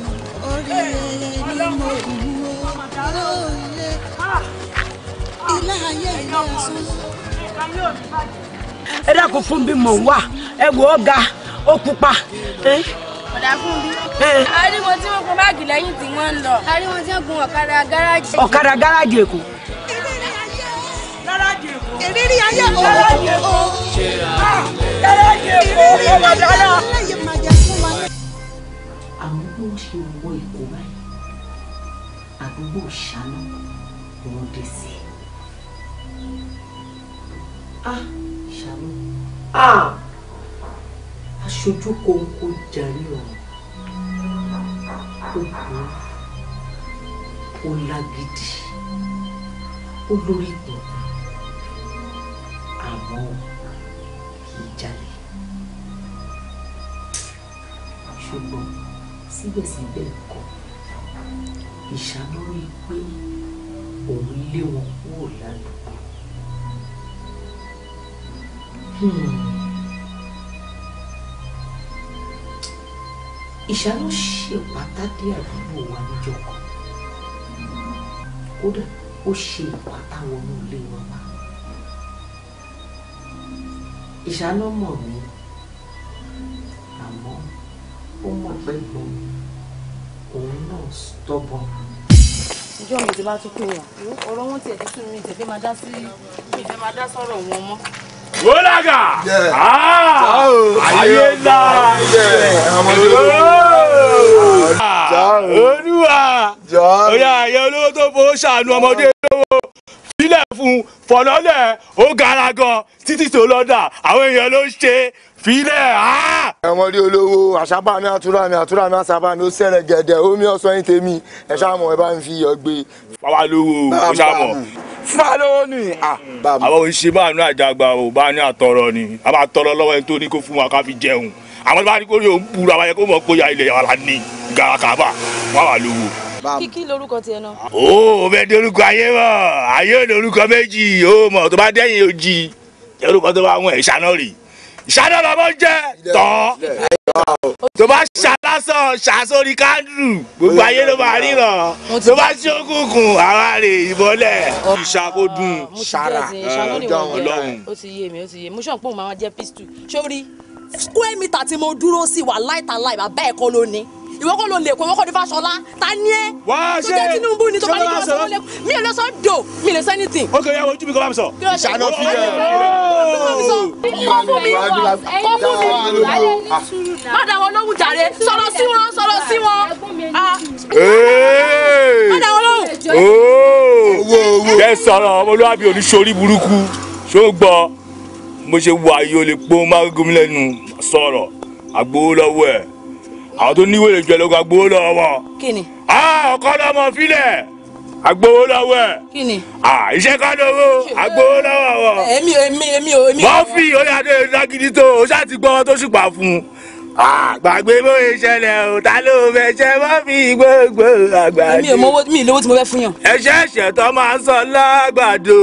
oríire ni mo kù ó oríire ilé ayé ilé asán. ẹ dákun fún bí mò ń wà ẹ wò ó ga ó pupa. ọ̀dà
fún mi. ariwo tí wọ́n gun báàgì lẹ́yìn tí wọ́n
ń lọ ariwo tí wọ́n gun ọ̀kadà gáràjì. ọ̀kadà gáràjì èkó. ìrírí ayé òwò òwò. ìrírí ayé òwò òwò. ìrírí ayé òwò òwò
bí wọ́n ṣe wọ èkó báyìí
àdúgbò ṣáná ni wọ́n dé sí i. a ah, ṣàánú a ah! aṣojú kòńkò jàre ọ̀rọ̀ ó burú ó lágídí ó lórí ìgbọ̀ngàn àmọ́ kì í jalè ṣùgbọ́n síbẹ̀síbẹ̀ kọ́ ìṣáná rí i pé òun lé wọn kúrò ládùúgbò hmm. ìṣáná ṣe pàtàkì àdúgbò wa níjọ́ kan kódà ó ṣe ìpátá wọnú ilé wọn wá ìṣáná mọ̀ mí ó mọ̀ pé gbọ́n òun náà stubborn.
ìjọ mi ti bá tún pè wọ́n ọ̀rọ̀ wọn tiẹ̀ tuntun mi tẹ̀fẹ́ máa dá sí mi tẹ̀ máa dá sọ̀rọ̀
wọn mọ́. Olaga! Ah! Ayé ńlá! Ah! Olúwa! Oya ayé olówó tó fowó ṣàánú ọmọdé lówó sílẹ̀ fún fọ̀nọ́lẹ̀ ó gara gan títí tó lọ́dà àwọn èèyàn ló ń ṣe filẹ̀ á.
Ah! ẹ̀wọ̀n rí olówó àṣàbà mi àtúrà mi àtúrà mi àṣàbà mi ó sẹ̀rẹ̀ gẹ̀dẹ̀ omi ọ̀sán yín tèmi
ẹ̀ ṣàmọ̀ ẹ bá ń fi iyọ̀ gbé. fáwa lówó o ṣàmọ̀. fáwa lówó ni.
àwọn oṣìṣẹ́
bá àánú àjàgbá o bá àánú àtọrọ ni a bá tọrọ lọ́wọ́ ẹni tó ní kó fún wa ká fi jẹun àwọn bá ní kó rí òun burú àwọn yẹ kó mọ̀ pé ilẹ̀ yàrá la ní gàràkàbà fáwa lówó.
kíkí lorúkọ tiẹ̀ náà. ó
o bẹ dorúkọ ayé mọ ayé olórúkọ méjì ó mọ tó bá dẹyìn ojì orúkọ tó bá wọn ẹ ṣáná rèé ṣáná lọmọ jẹ tán tó bá ṣàlásán ṣàsórí kándù gbogbo ayé ló máa ríran tó bá ṣe òkùnkùn ara rẹ̀ ìmọ́lẹ̀ ìṣàkódùn ṣàrà
ọlọ́run. ó ti yé mi ó ti yé mi mo ṣọ̀pọ̀ máa jẹ́ pistol sórí square meter tí mo dúró sí wà láìta láì bàbá ẹ̀kọ́ lónìí ìwọ kò ló lè kó ìwọ kò ní fàṣọlá ta ni ẹ.
wá ṣe ṣe Tinubu ni tó bá ní kí wọn sọ wọlé mi ò lọ sọ do mi lè sọ anything. ó kẹ́ ya ojú mi kọ́ bá mi sọ. ṣàná fi ẹ. kọ́ fún mi kọ́ fún mi padà wọn lóhùn jàre sọ̀rọ̀ sí wọn sọ̀rọ̀ sí wọn. padà wọn lóhùn.
bẹ́ẹ̀ sọ̀rọ̀ ọmọlúwàbí oníṣòrí burúkú ṣó gbọ́ mo ṣe wà yìí o lè pọ́n máa gómìnà nù sọ̀rọ̀ àgbowó lọ́wọ́ ẹ̀ àwọn tó níwèrè jù ẹ lọ́kọ̀ agbowó lọ́wọ́ wọn. kí ni. a ọkọ lọmọ filẹ agbowó lọ́wọ́ ẹ. kí ni. a iṣẹ́ ká lówó agbowó lọ́wọ́ wọn. Eh, èmi èmi èmi ò èmi. wọ́n fi orí adé lágídí tó o ṣáà ti gbọ́ tó ṣùpá fún un. àgbàgbé bó ṣe ṣẹlẹ̀ o ta ló fẹ́ ṣe wọ́n fi gbogbo àgbàdo. èmi ò mọ mi ìlówó tí mo fẹ́ fún yàn. ẹ̀ṣẹ̀ ẹ̀ṣẹ̀ tó máa ń sọ lágbàdo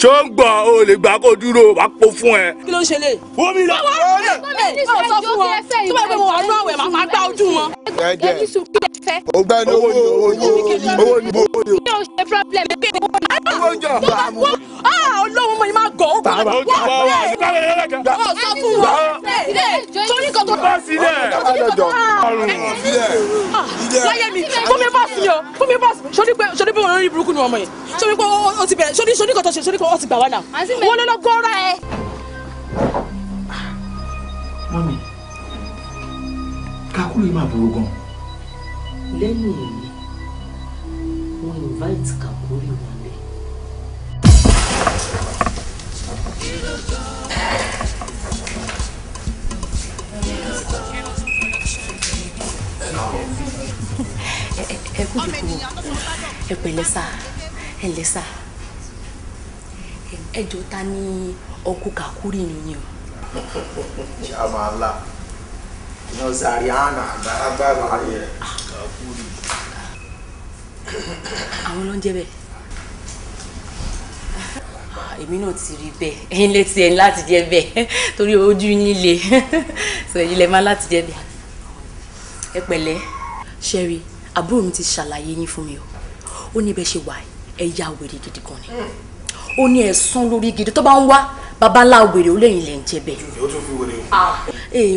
ṣó ń gbọ́ o lè gbà kó dúró wàá pò fún ẹ.
kí ló ń ṣe lè. omi lọ. ọwọ́ rẹ̀ ẹ ọ sọ fún wọn tí wọ́n gbé wọn wà ní ọ̀wẹ̀ màá gbá ojú wọn.
ẹjẹ o gbá ní owó owó owó
ní
owó ní. mi ò ṣe problem ẹgbẹ́ owó owó jọ bá mú. olówó mo ni máa gọ̀ ọ́ gbà. ó gbà wọ́n ó sọ fún wọn. torí kan tó. bá sílẹ̀
ah, láyé mi fún mi bọ́ọ̀sì mi o
fún mi bọ́ọ̀sì mi sórí pé olórí burúkú ni ọmọ yẹn sórí pé o ti bẹ̀rẹ̀ sórí kan tó ṣe sórí tó ọ ti gbà wá náà wọ́n lọ́lọ́ gọ́ra ẹ.
mọ́mi kakulu yìí máa burú gan. lẹ́nu èmi wọ́n invite kakuli wọlé.
ẹ kú
ẹ pẹ̀lẹ́ sà ẹ lẹ sà ẹjọ́ ta ni ọkọ kakuri nìyẹn
o. ṣáàmà ńlá iná sáré àná àgbàlagbà láàyè kakuri.
àwọn ló ń jẹ bẹ́ẹ̀ èmi náà ti rí bẹ́ẹ̀ ẹ̀yin lè tiẹ̀ ní láti jẹ́ bẹ́ẹ̀ torí ojú yín le so ẹ̀yin lè má láti jẹ́ bẹ́ẹ̀ ẹ pẹ̀lẹ́ ṣẹ́rí àbúrò mi ti ṣàlàyé yín fún mi o ó ní bẹ́ẹ̀ ṣe wà ẹ yá wèrè gidi gan ni. Mm ó ní ẹ̀sán lórí gidi tó bá ń wá babalá wèrè ó lẹ́yìn lè ń jẹ bẹ́ẹ̀. Ah.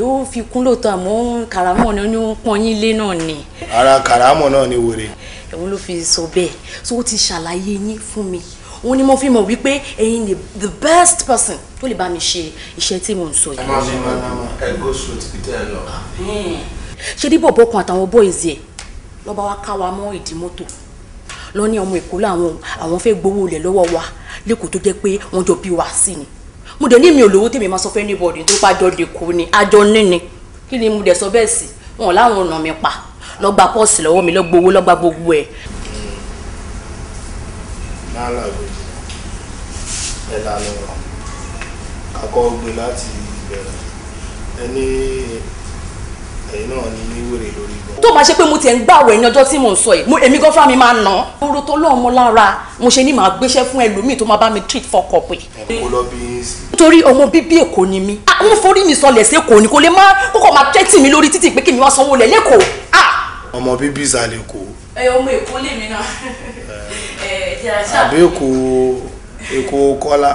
ó fi kún lóòótọ́ àmọ́ kàràmọ́ ni ó ní pọ́n yín náà ni.
ara kàràmọ́ náà ni wèrè.
òun ló fi sọ bẹ́ẹ̀ tó o ti ṣàlàyé yín fún mi òun ni mo fi mọ̀ wípé ẹ̀yin ni the best person tó lè bá mi ṣe iṣẹ́ tí mo ń sọ yìí. ẹ má fi máa
ẹ go straight bí
tẹ́ ẹ lọ.
ṣé dípò bọ́kàn àtàwọn boys yẹ lọ́ba wa ká wa mọ́ ìdí mọ́tò lọ́ ní ọmọ èkó làwọn àwọn fẹ́ gbowó ilẹ̀ lọ́wọ́ wa lẹ́kọ̀ọ́ tó jẹ́ pé wọ́n jọ bí wá sí ni mo dẹ̀ ní mi ò lówó tèmi máa sọ fẹ́ ní bọ̀dì tó pàjọ lẹ́kọ̀ọ́ ni àjọ níní kí ni mo dẹ̀ sọ bẹ́ẹ̀ sí wọn láwọn ọ̀nà mi pa lọ́gba pọ́ọ̀sì lọ́wọ́ mi lọ́gba owó lọ́gba gbogbo ẹ̀.
ẹ̀là lọ̀rọ̀ ẹ̀yin náà ni ní wèrè lórí
gan. tó máa ṣe pé mo tiẹ̀ ń gbàwẹ̀ ní ọjọ́ tí mò ń sọ yìí mo èmi gan fúnra mi máa nà. oró tó lọ́ọ̀ mọ́ lára mo ṣe ni màá gbéṣẹ́ fún ẹlòmíì tó máa bá mi treat for cup. kò
lọ bí yín sí.
nítorí ọmọ bíbí èkó ni mí. àwọn ah, forí mi sọlẹ̀ sí èkó ni kò lè má kókò máa tẹ́tì mi lórí títì pé kí mi wá sanwó lẹ̀ lẹ́kọ̀ọ́. Ah!
ọmọ bíbí ìsàlẹ̀ èkó.
ẹ ọmọ èkó lèmi náà. àbí
èkó èkó kọ́lá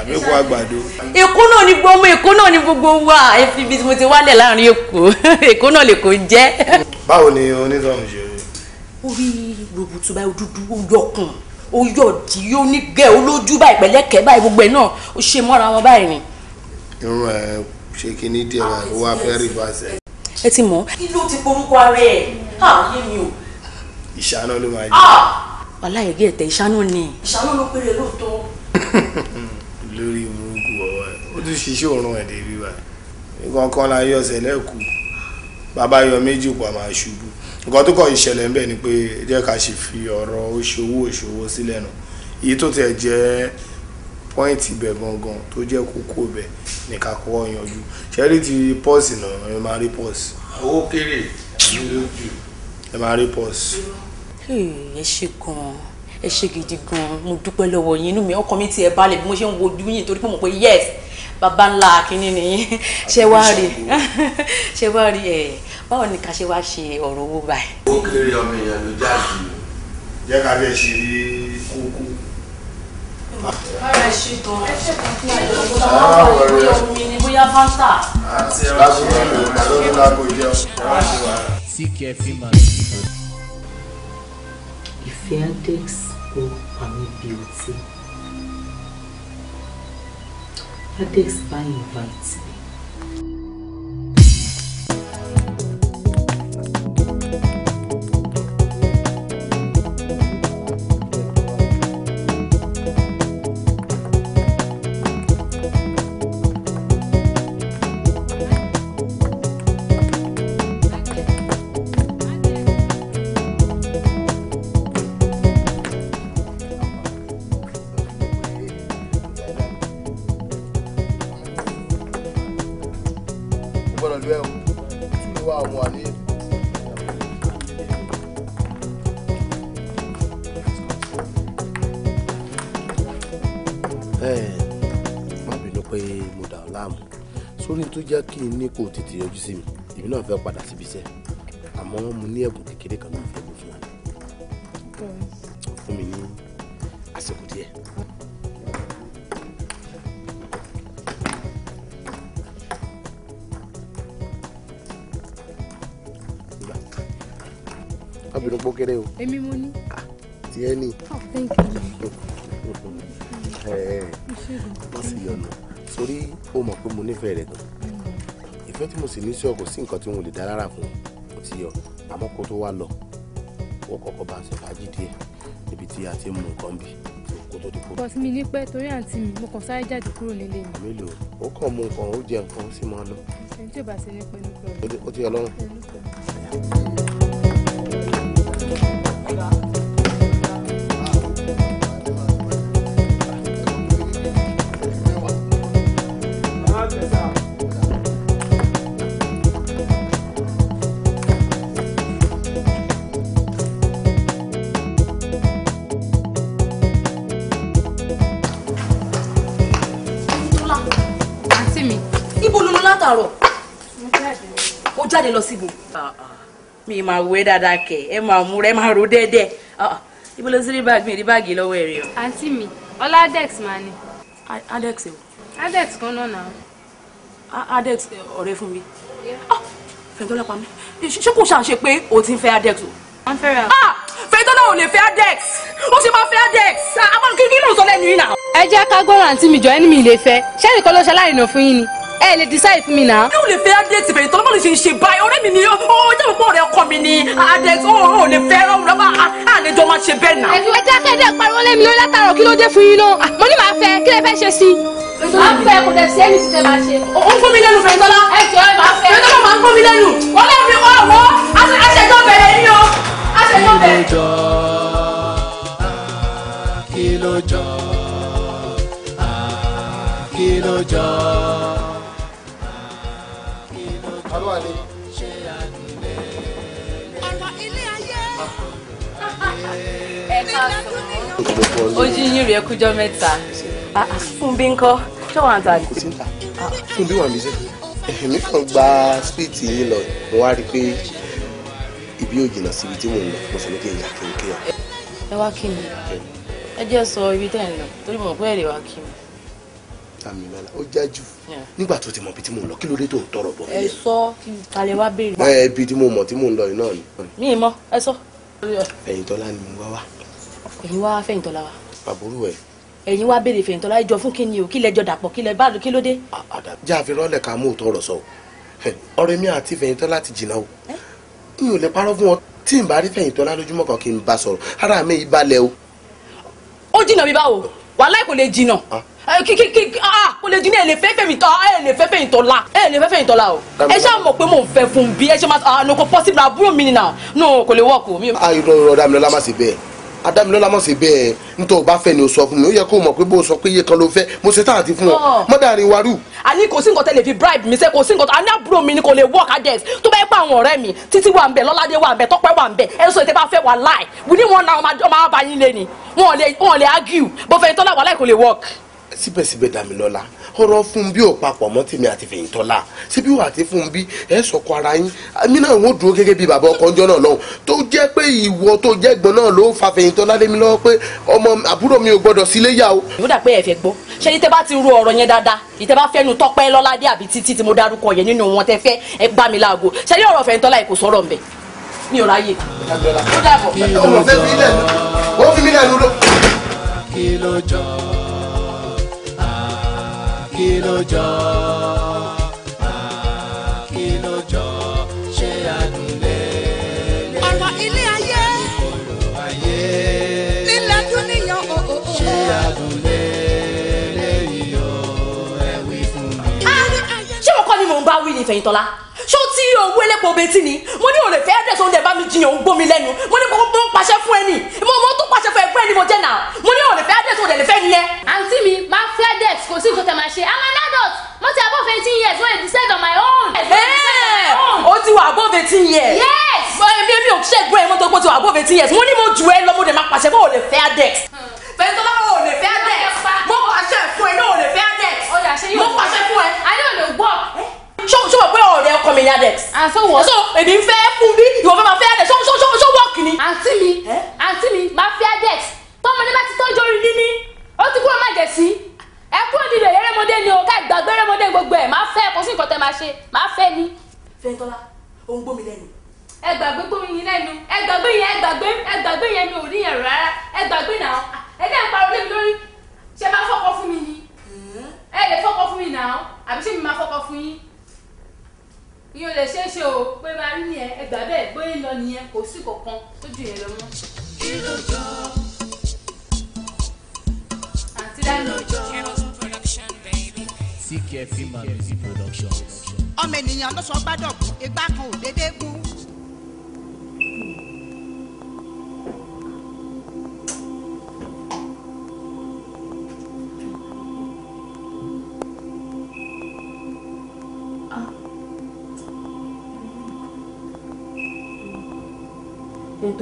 àbí èkó àgbàdo.
èkó náà ni gbogbo èkó náà ni gbogbo wa ẹ fi ibi tí mo ti wálẹ̀ láàrin èkó èkó náà lè kó jẹ́. báwo ni onítọ̀hún ṣe rí. ó rí robotu báyìí dúdú ó yọkùn ó yọ̀dí ó ní gẹ̀ ó lójú báyìí pẹ̀lẹ́kẹ̀ báyìí gbogbo ẹ̀ náà ó ṣe mọ́ra wọn báyìí ni.
irun ẹ ṣe kinní díẹ̀ báyìí ó wá fẹ́ rí ìbáṣẹ.
ẹ ti mọ̀. kí ló ti porúkọ ara ẹ̀ ààyè mi ò. ìṣáná ló máa jẹ́. Ah! aláyẹ̀gẹ́ ẹ̀tẹ̀ ìṣáná ni. ìṣáná ló péré lóòótọ́.
lórí burúkú ọwọ́ ẹ̀ ó tún ṣiṣẹ́ òórùn ẹ̀ dé ríra nǹkan kan la yọ ọ̀sẹ̀ lẹ́kù bàbá yọ méjì pọ̀ máa ṣubú nǹkan tó kọ̀ ìṣẹ̀lẹ̀ ń bẹ̀ ni pé jẹ́ ká ṣe fi ọ̀rọ̀ òṣòwò òṣòwò sílẹ̀ nù èyí tó tiẹ̀ jẹ́ pọ́ìntì ibẹ̀ gangan tó jẹ́ kókó ibẹ̀ ní ká kọ́kọ́ yanjú ṣẹ́rí ti pọ́ọ̀sì náà ẹ máa rí pọ́ọ̀sì. owó kéré ẹ máa rí pọ́ọ̀sì.
Hmm, ẹ ṣe gan-an ẹ ṣe gidi gan-an mo dúpẹ́ lọ́wọ́ yín inú mi ọkàn mi ti ẹ̀ balẹ̀ bí mo ṣe ń wojú yín torí pé mo pe yes bàbá ńlá kínní nìyí ṣé wá rí ṣé wá rí ẹ báwo ni ká ṣe wá ṣe ọ̀rọ̀ owó báyìí.
ó kéré ọmọ èèyàn ló
jáde jẹ́ ká bẹ́ẹ̀ ṣe rí kókó. Bára
hmm. ṣe tán, ẹ ṣe kàn fún àyẹ̀wò tó máa ń wọ ìwé omi ní bóyá
fáńtà. Àti ẹ̀rọ ṣe lọ́dún lágbo jẹun. Síkẹ́ fi máa ń bíbọ̀.
Fiandex Go Pami Beauty. Fiandex by invite.
tó jẹ́ kí n ní kó o tètè yọjú sí mi èmi náà fẹ́ padà síbi iṣẹ́ àmọ́ mo ní ẹ̀bùn kékeré kan náà fẹ́ gbé fún
wa
fún mi ní àsìkò díẹ̀.
obìnrin pọ́ kéré
o. èmi mo ní. Ah,
ti ẹ ní. Oh, eh, má sì yọnu sórí o mọ̀ pé mo nífẹ̀ẹ́ rẹ̀ gan ìfẹ́ tí mo sì ní sí ọ kò sí nǹkan tí mo lè dá rárá fún ọ ti yọ àmọ́ kó tó wá lọ ó kọ́kọ́ bá ṣe fàájì díẹ̀ níbi tí a ti mú nǹkan bì kó tó di kó. bọ́sí
mi ní pẹ́ torí àǹtí mi mo kàn sáré jáde kúrò nílé mi.
àmì lò ó kàn mú nǹkan ó jẹ nǹkan ó sì máa lọ.
ẹni tí ò bá ṣe ní pẹ́
nípa ọ̀rọ̀. ó ti yọ lọ́rùn.
jáde lọ síbo. mi máa wé dáadáa kẹ ẹ máa mú rẹ máa ro dẹ́dẹ́ ibo ló sì rí báàgì mi rí báàgì lọ́wọ́ ẹ̀ rí o. àǹtí mi ọlá adex máa ní. adex o. adex kan náà nà. adex ọ̀rẹ́ fún mi. Ah, fẹ̀ntọ́lá pa mí ṣé kò ṣàṣe pé o ti ń fẹ́ adex o. wọ́n fẹ́ràn. Ah, fẹ̀ntọ́lá ò lè fẹ́ adex ó sì máa fẹ́ adex àmọ́ ah, kí ló ń sọ lẹ́nu yìí náà. ẹ jẹ́ ká gbọ́ràn àǹtí mi jọ ẹni mi lè fẹ́ ṣẹ́ẹ̀rì kan ló ṣe aláìná fún yín ni ẹ lè decide fún mi náà. ẹ ò lè fẹ́ adéètì bẹ̀rẹ̀ tọ́lọ́mọ́ lè ṣe ṣe báyìí ọ̀rẹ́ mi ni ó jẹ́ pípọ́ ọ̀rẹ́ ọkọ mi ni adéètì ó ò lè fẹ́ ọ̀rọ̀ lọ́wọ́ àlejò máa ṣe bẹ́ẹ̀ náà. ẹ jẹ́ kẹ́dẹ́ pariwo lé mi lórí látàrọ̀ kí ló dé fún yín náà ah, mo ní màá fẹ́ kí lẹ fẹ́ ṣe sí i afẹ kò tẹ sí ẹni tí tẹ máa ṣe. o fún mi lẹ́nu fẹntọla. ẹ jọ ẹ máa fẹ. fẹntọla máa ń fún mi lẹ́nu. wọn lè fi wọ ọwọ́ aṣẹjọ bẹ̀rẹ̀ ni o
aṣẹjọ bẹ̀rẹ̀.
kí ló jọ ah, kí ló jọ ah, kí ló jọ
alúwalé. ọ̀rọ̀
ilé ayé. ẹ káàsán ojú yín rèé kújọ mẹ́ta ah, ah, Fúnbí ńkọ́ ṣé wàá ta ni. kò sí ta
Fúnbí wà mí sẹ́yìn èmi kàn gba spíìtì yín lọ mo wá rí i pé ibi ò jìnnà síbi tí mò ń lọ mo sì ní kí n yà kí n kí n.
ẹ wá kí ni ẹ jẹ́ sọ ibi tẹ́ ń lọ torí mo pẹ́ ẹ̀rẹ̀ wá kí
ni aminola ó jájú nígbà tó ti mọ ibi tí mò ń lọ kí ló dé tó tọrọ bọ. ẹ
sọ kí kalẹ̀ wá béèrè. báyọ̀
ibi tí mo mọ̀ tí mò ń lọ yìí náà ni.
mi ì mọ ẹ sọ.
fẹ̀yìntọ́lá ni mo wá wá.
ẹ̀yin wá fẹ̀yìntọ́lá wa. bàbúrò ẹ̀. ẹ̀yin wá béèrè fẹ̀yìntọ́lá ẹ jọ fún kí ni o kí lẹ jọ dàpọ̀ kí lẹ bá kí ló dé.
jẹ́ àfirọ́lẹ̀ ká mú òótọ́ ọ̀rọ̀ sọ ọ̀rẹ́ mi àti fẹ̀yìntọ́lá ti o n ò lè parọ́ fún wọn tí n bá rí fẹ̀yìntọ́lá lójúmọ́ o. ó jìnnà
kí kí kí ah kò lè dín ní ẹ lè fẹ́ fẹ́ mi tọ́ ẹ lè fẹ́ fẹ́ yìí tọ́lá ẹ lè fẹ́ fẹ́ yìí tọ́lá o ẹ ṣáà mọ̀ pé mò ń fẹ́ fún bí ẹ ṣe máa ah no possible àbúrò mi nìyà no kò lè work o.
Ah, irọ́ irọ́ Dámilọ́lá má ṣe bẹ́ẹ̀ adámilọ́lá mọ̀ sí bẹ́ẹ̀ nítorí o bá fẹ́ ni o sọ fún mi ó yẹ kó o mọ̀ pé bó o sọ pé iye kan ló fẹ́ mo ṣe tán àti fún ọ mọ́dàrin warú.
àní kò sí nǹkan tẹ́ lè fi bribe mi ṣe kò sí nǹkan àní àbúrò mi ni kò lè work adex tó bá yẹ pé àwọn ọ̀rẹ́ mi títí wà ń bẹ̀ lọ́ládé wà ń bẹ̀ tọ́pẹ́ wà ń bẹ̀ ẹ sọ ètè bá fẹ́ wà láì wí ní wọn náà ọmọ abayín lé ni wọn ò lè argue bó fẹ́ tọ́lá wà láì kò lè work
síbẹ̀síbẹ̀ Dàmílọ́lá ọ̀rọ̀ Fúnbí ò papọ̀ mọ́ tèmi àti Fèyìntọ́lá síbí wà àti Fúnbí ẹ̀ sọ̀kọ ara yín mí náà wọ́n dúró gẹ́gẹ́ bí bàbá ọkọ ọjọ́ náà lọ́hùn tó jẹ́ pé ìwọ tó jẹ́ gbọ́n náà ló fa Fèyìntọ́lá lé mi lọ́wọ́ pé ọmọ àbúrò mi ò gbọ́dọ̀ sílé yà o. ìbúdà pé ẹ fẹ́ gbọ́
ṣé ní tẹ ti ru ọ̀rọ̀ yẹn dáadáa ìtẹ bá fẹnu Tọ́pẹ́ Lọ́ládé àbí títí tí mo dárúkọ yẹn nínú wọn tẹ fẹ́ ẹ gbá mi láago ṣé ní ọ̀rọ̀ Fèyìntọ́lá yìí kò sọ̀rọ̀ mbẹ mi ò ráyè.
ó dàbọ̀. ọmọ kí ló jọ
kí a jọ kí ló jọ ṣé àdúlẹ̀
lẹ́yìn ọ̀rọ̀ ilé ayé ọ̀rọ̀ ayé nílẹ̀ dúníyàn òòó ṣé àdúlẹ̀ lẹ́yìn
o ẹ fún mi.
ṣé mo kọ́ ni mò ń bá wí ní Fẹ̀yìntọ́lá ṣó tí owó elépo betí ni mo ní òrèfẹ́ ẹ̀dẹ̀sọ̀ ń dẹ̀ bá mi jiyàn ń gbómi lẹ́nu mo ní kókó ń pàṣẹ fún ẹni mo mọ́ pàṣẹ fún ẹgbẹ́ ni mo jẹ́ náà mo ní òòlù fẹ́ adẹ́tò òòlù fẹ́ nìyẹn. àǹtí mi máa fẹ́ dex kò sí nǹkan máa ṣe i'm an adult mo ti above eighteen years wey decide on my own. o ti wà above eighteen years. yes. ẹbí mi ò ṣègbọ́n ẹ̀ mọ́tò pé o ti wà above eighteen years mo ní mo jù ẹ lọ mo dẹ̀ máa pàṣẹ fún òòlù fẹ́ adẹ́x. Hmm. fẹ́ẹ́ tó bá wọ òòlù fẹ́ adẹ́x mo pàṣẹ fún ẹ ní òòlù fẹ́ mo pàṣẹ fún ẹ. ayé ò lè gbọ́ ṣó ṣó mọ̀ pé ọ̀rẹ́ ọkọ mi ni adex. àṣọ ah, wọ. so èmi ń fẹ́ fún bí ìwọ fẹ́ máa fẹ́ adex ṣó ṣó ṣó ṣó wọ́ọ̀kì ni. àǹtí mi àǹtí mi máa fẹ́ adex tọ́mọdé bá ti tọ́jú orí níní ó ti kúrò má jẹ̀ sí ẹ kúrò nílò erémọdé ni o ká ìgbàgbé erémọdé gbogbo ẹ̀ máa fẹ́ kó sí nǹkan tẹ́ máa ṣe máa fẹ́ ni. fẹ́ntọ́lá ò ń gbómi lẹ́nu. ẹ gbàgbé gbómi yín lẹ́nu ẹ gbàgbé yẹn ẹ gbàgbé ẹ gbàgbé yẹn mi ò rí yẹn rárá ẹ gbàgbé náà ẹ dẹ́ ń parọ́ lé mi lórí ṣe máa fọ́kọ fún mi ni hmm? ẹ lè fọ́kọ fún mi náà àbí ṣé mi máa fọ́kọ fún yín ìyẹn ò lè ṣeé ṣe o pé máa rí nìyẹn ẹgbàá bẹ́ẹ̀ bóyá lọ nìyẹn kò sí kankan tó ju yẹn lọ mọ́.
àǹtí dáná.
ọmọ ènìyàn ló sọ gbádùn igbá kan ò déédéé gùn.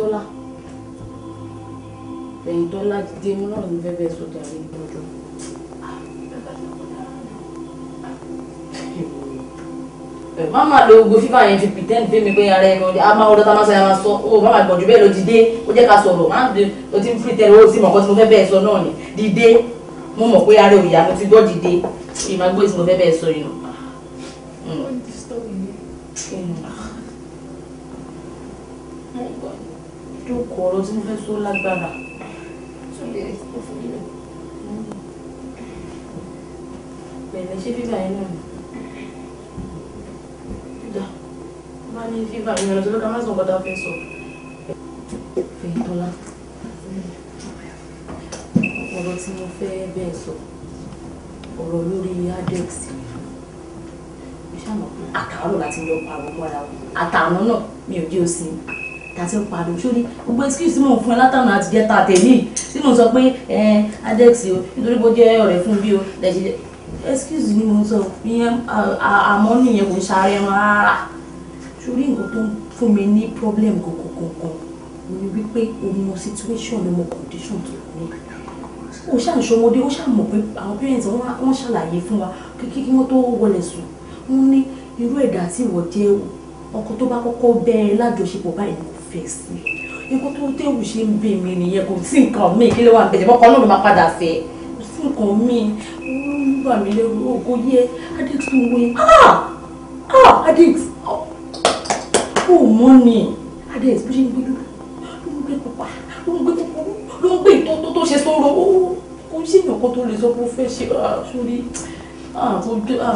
Tọ́lá ẹ̀yìn Tọ́lá dìde mú náà ní fẹ́fẹ́ sójà rí lọ́jọ́. máma lo gbogbo fífa yẹn fi pretend fún mi pé ara ẹni ọdẹ a máa ọdọ a máa sọ yẹn máa sọ ó máma gbọ̀n jù bẹ́ẹ̀ lọ dìde ó jẹ́ ká sọ̀rọ̀ máa ń de o ti ń pretend o sì mọ̀ kọ́ tí mo fẹ́ bẹ́ẹ̀ sọ náà ni dìde mo mọ̀ pé ara òyà mo ti gbọ́ dìde ìmọ̀ gbé tí mo fẹ́ bẹ́ẹ̀ sọ yìí nù. kọ ọ̀rọ̀ tí mo fẹ́ sọ lágbára. pẹ̀lẹ́ ṣé fífà yẹn náà dá má ní fífà yẹn lọ sọ́dọ̀ ká má sọ nǹkan tá a fẹ́ sọ. Fẹ́yìntọ́lá ọ̀rọ̀ tí mo fẹ́ bẹ́ẹ̀ sọ ọ̀rọ̀ lórí adex mi mo ṣàmọ̀ pé àtàwọn láti lọ pàrọ̀ mọ́ra àtàwọn náà mi ò dé òsín tàti pariwo ṣóri gbogbo excuse tí mò ń fún ẹ látànà àti jẹ tà tèmi tí mò ń sọ pé ẹ adex o nítorí bó jẹ ọ̀rẹ́ fún bí o lẹsẹ excuse ni mo sọ ìyẹn àmọ́ nìyẹn kò ṣàárẹ̀ wọn rárá ṣóri nǹkan tó ń fún mi ní problem kọ̀kọ̀kọ̀kọ̀ ni wípé òun situation ọmọ condition tó ní ó ṣàǹṣọmọdé ó ṣàmọ̀ pé àwọn parents wọn ṣàlàyé fún wa kí kí wọ́n tó wọlé sùn wọ́n ní irú ẹ̀dá tí ìwọ jẹ́ ọkọ tó bá kọ́kọ́ bẹ́ẹ̀ lájọṣepọ̀ báyìí face me nǹkan tó tẹ́wù ṣe ń bè mí nìyẹn kò sí nǹkan míì kí ló wà ń mọ́kàn náà máa padà fẹ́ kò sí nǹkan míì ń bà mí lẹ́rù ògo yẹ adix tó wé ah ah adix ó mú ni adix bó ṣe ń gbé lórí ló ń gbé pupa ló ń gbé kúkúrú ló ń gbé ìtọ́tọ́ tó ṣe sóró kò sí nǹkan tó lè sọ pé ó fẹ́ ṣe ah, sórí ah, ah,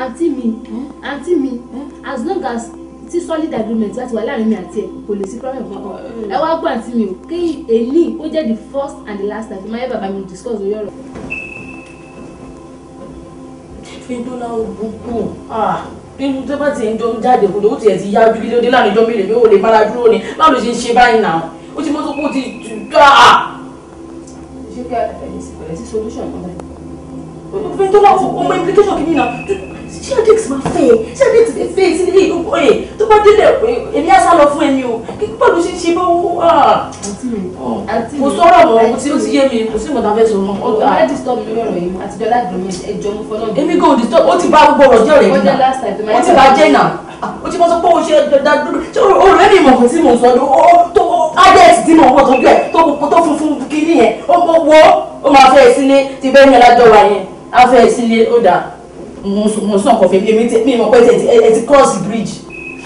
àǹtí mi àǹtí mi hm? àǹtí mi hm? as long as tí solid agreement láti wà láàrin mi àti ẹ kò lè sí problem kankan ẹ wá gbà tí mi ò kí èlì ó jẹ́ the first and the last time máyé bàbá mi discuss lórí ọ̀rọ̀. fíntóná gbogbo nínú tó bá ti ń jọ ń jáde kò tó ó tiẹ̀ ti yájú kí ló dé láàrin ìjọba ìrèmí ò lè bára dúró ni báwo ló ṣe ń ṣe báyìí náà ó ti mọ́tò kó ti tù dá. ṣé kí ẹ ẹ ti solution kan báyìí. fíntóná fún ọmọ implication kìíní náà ṣé adix máa fẹ́ ẹ ṣé adix lè fẹ́ ẹ sí ilé ìlú ẹ tó bá délẹ̀ èmi á sá lọ fún ẹni o kí pẹ̀lú ṣe ń ṣe bọ́wọ́ wà. Ah. Oh. kò sọ̀rọ̀ mọ́ ohun tí ó ti yé mi kò sí ìmọ̀ta fẹ́ẹ́ sọ mọ́. ọ̀gá ẹ̀ ah. disturb mi lọ́rọ̀ yìí àti dọ́là gbọ̀ngàn ẹjọ́ mo fọ́nà. èmi kò disturb ó ti bá gbogbo ọ̀rọ̀ jẹ́ ọ̀rẹ́ mi náà ó ti bá jẹ́ náà ah, ó ti mọ sọ pé ó ṣe dada dúró ṣé ọ̀rẹ́ mi mọ̀ kò tí mò ń sọ ló tó adẹ́ẹ̀tì tí mò ń wọ̀ tó gbẹ tó funfun kiri yẹn ó wọ́ ó máa fẹ́ sílé ti bẹ́ẹ̀ ní alájọ wa yẹn á fẹ́ sílé ó dáa mo sàn kàn fẹ́ bí mi mọ̀ pé ẹ ti cross the bridge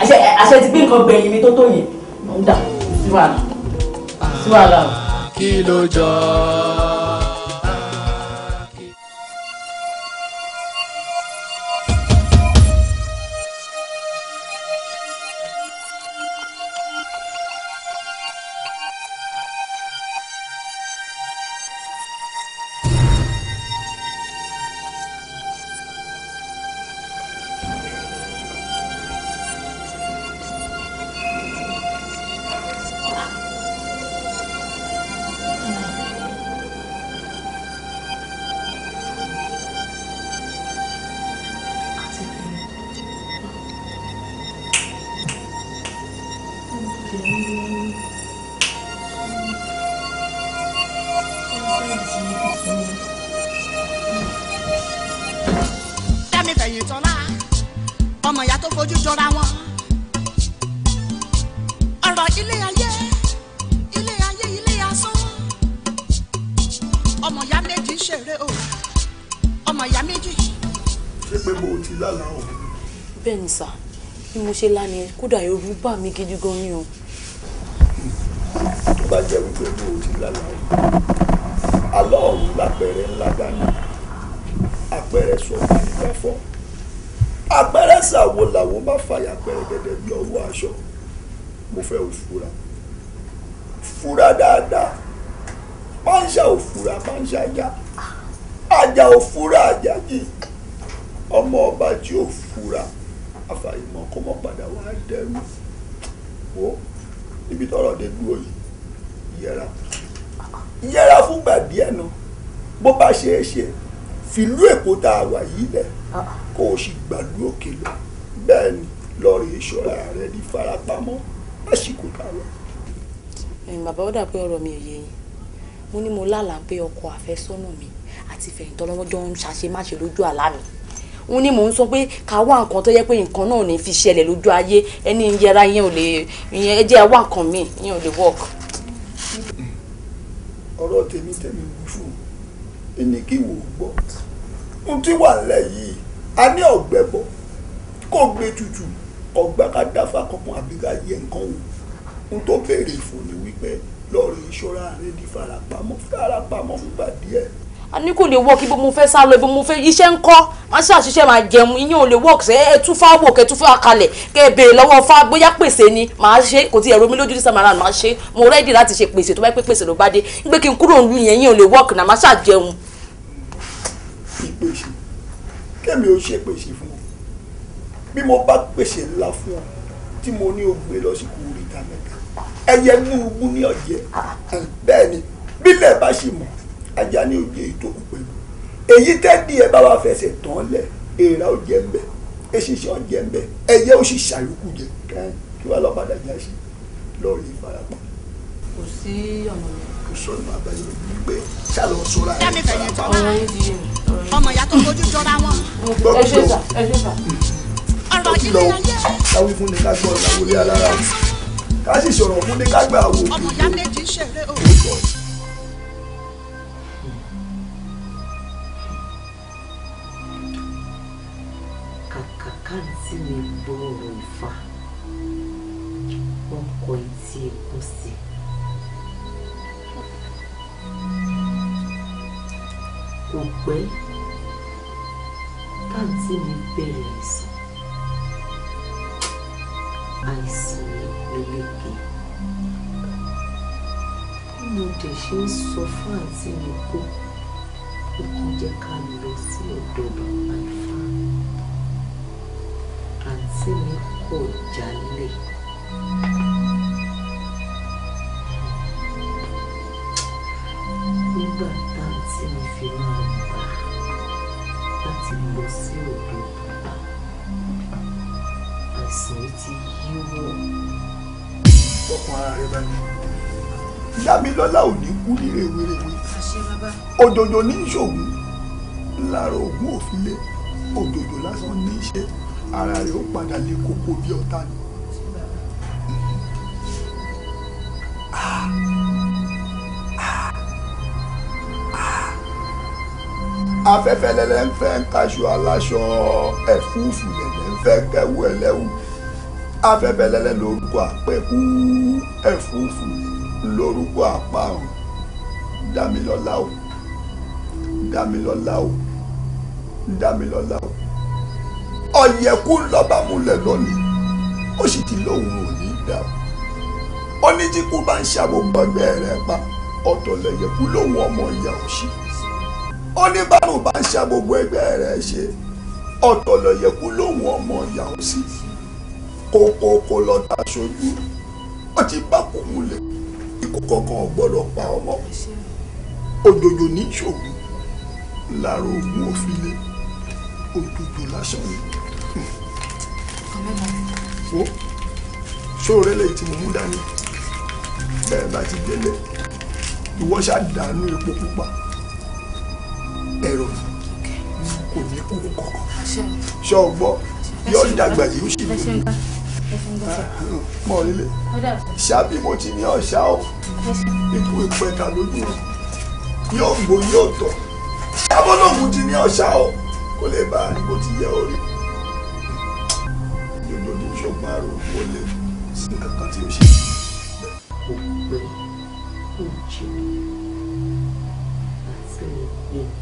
àṣẹ àṣẹ ti gbé nǹkan gbẹ̀yìn mi tó tó yẹn mo ń dà sí wàhálà kí ló jọ ṣe lánàá kódà ẹ̀rù bà mí gidi gan ni o.
bá jẹ́ wípé tó o ti lálàá àlọ́ ọ̀hún lápẹẹrẹ ńlá dání àpẹẹrẹ sọ fún ìgbà fọ́ àpẹẹrẹ sàwo làwọn bá fàyà pẹ̀rẹ̀gẹ̀dẹ̀ bí ọwọ́ aṣọ mo fẹ́ òfu tá a wà yìí lẹ̀ ah. kó o sì gbàlú òkè lọ bẹ́ẹ̀ ni lọ́ọ̀rì ìṣọ́ra rẹ̀ ní farapamọ́ lásìkò táwọn.
bàbá ó dà pé ọ̀rọ̀ mi ò yé yín mo ní mo lálàá pé ọkọ àfẹ́sọ́nà mi àti fẹ̀yìntàn lọ́wọ́ jọ ń ṣàṣemáṣe lójú àlá mi n ní mò ń sọ pé ká wá nǹkan tó yẹ pé nǹkan náà ní fi ṣẹlẹ̀ lójú ayé ẹni yẹra yẹn ò lè yẹn ẹ jẹ́ wá nǹkan míì yẹn ò lè work.
ọ̀rọ̀ tèmi tèmi wù fún ẹni kí wò ó gbọ́ ohun tí wà lẹ̀ yìí a ní ọ̀gbẹ́ bọ̀ kó gbé tutù ọgbà ká dáfà kankan àbí ká yẹ nǹkan wò ohun tó béèrè fún ni wípé lọ́ọ̀rì ìṣọ́ra rẹ di farapamọ́ farapamọ́ fúngbà díẹ̀.
a ní kò lè wọ́ọ̀kì bí mo fẹ́ sá lọ ibi mo fẹ́ iṣẹ́ ń kọ́ máa ṣàṣìṣe máa jẹun iyán ò lè wọ́ọ̀kì sẹ́ ẹ tún fáwọ́ kẹ tún fáwọ́ kalẹ̀ kẹ béèrè lọ́wọ́ fá bóyá pèsè ni màá ṣe kò tí ẹ̀rọ mi lójú dísà màrán màá ṣe mo rẹ́ẹ̀dì láti ṣe pèsè tó bá pé pèsè ló bá dé ń kí n kúrò ń lu yẹn iyán ò lè wọ́ọ̀kì náà máa ṣàjẹun
kẹ́mi ò ṣe pèsè fún ọ bí mo bá pèsè ńlá fún ọ tí mo ní o gbé lọ sí kúrìtà mẹ́ta ẹyẹ gbúgbú ní ọ̀jẹ́ bẹ́ẹ̀ ni bílẹ̀ bá ṣì mọ̀ ajá ní òye ìtòkù pẹ̀lú èyí tẹ́ẹ̀dì ẹ bá wa fẹsẹ̀ tán lẹ̀ èèrà ó jẹ́ ńbẹ eṣinṣin ó jẹ́ ńbẹ ẹyẹ ó sì ṣàyókù jẹ kí wàá lọ́ọ́ padà já sí lọ́ọ̀rì ìfarapa. kò sí ọ̀nà kò sọ̀rọ̀ àbáyọ wípé ṣàlọ́ sọ́ra ẹ̀ farapa
ọmọ ìyá tó fojú jọra wọn. ẹ ṣe sà ẹ ṣe sà. ọ̀rọ̀ ilé ayé.
káwí fún ni ká gbọ́ ìlàwọlé alára ká sì sọ̀rọ̀ fún ni ká gbà wò.
ọmọ ìyá méjì ṣeré o. kàkà mi gbọ́ ọ̀rọ̀ ìfà wọn kọ tí mi bẹ̀rẹ̀ àìsàn àìsàn lélẹ́kẹ̀ mo dẹ̀ ṣe ń sọ fún àǹtí mi kó o kàn jẹ́ ká lọ sí ọ̀dọ̀ bàbá Ifá àǹtí mi kò jálè. nígbà táǹtí mi fi láti lọ sí òde bàbá
àìsàn yìí ti yíwọ. ọkàn ara rẹ bá mi ìyá mi lọ́lá ò ní kú ní rèwerèwe òjòjò ní ìṣòwò lára ògùn òfin lé òjòjò lásán ní í ṣe ara rẹ̀ ó padà lé kókó bí ọ̀tá ni. afẹ́fẹ́ lẹ́lẹ́ ń fẹ́ ń kaṣọ aláṣọ ẹ̀fúùfù lẹ́lẹ́ ń fẹ́ kẹ́wù ẹlẹ́wù afẹ́fẹ́ lẹ́lẹ́ lórúkọ àpẹ́kú ẹ̀fúùfù lórúkọ àparùn dámilọ́lá o dámilọ́lá o dámilọ́lá o ọ̀yẹ̀kú lọ́ba múlẹ̀ lónìí ó sì ti lóhùn òní o ó ní tí kú bá ń ṣàgbọ́gbọ́gbẹ́ rẹ̀ pa ọ̀tọ̀ lẹ̀yẹ̀kú lóhùn ọmọ ìyá òṣì ó ní bárùn bá ń ṣa gbogbo ẹgbẹ́ rẹ̀ ṣe ọ̀dọ̀ ló yẹ kú lòun ọmọ ìyàwó sí kókókó lọ́dọ̀ aṣojú wọ́n ti bá kò múlẹ̀ ikú kankan gbọ́dọ̀ pa ọmọ òjòjò ní ìṣòwò lára ogun òfìlẹ̀ òjòjò lásán ni. wo sóòrè lẹ́yìn tí mo mú dání bẹ́ẹ̀ bá ti délé ìwọ ṣáà dànù epo pupa ẹ̀rọ kò ní kú kọ̀ọ̀kan ṣé o gbọ́ yóò dàgbà yìí ó sì lè ah, ah, mọ̀ lílé ṣábí mo ti ní ọ̀ṣá o ikú ìpẹ̀ka lójú rẹ̀ yóò gbó yóò tọ̀ ṣábọ́lọ́mù ti ní ọ̀ṣá o kó lè bá a ní bó ti yẹ orí lójoojúmọ́ ṣùgbọ́n àrò owó lè sí kankan tí ó ṣe ó pé ó jẹ́
àti ìgbẹ́.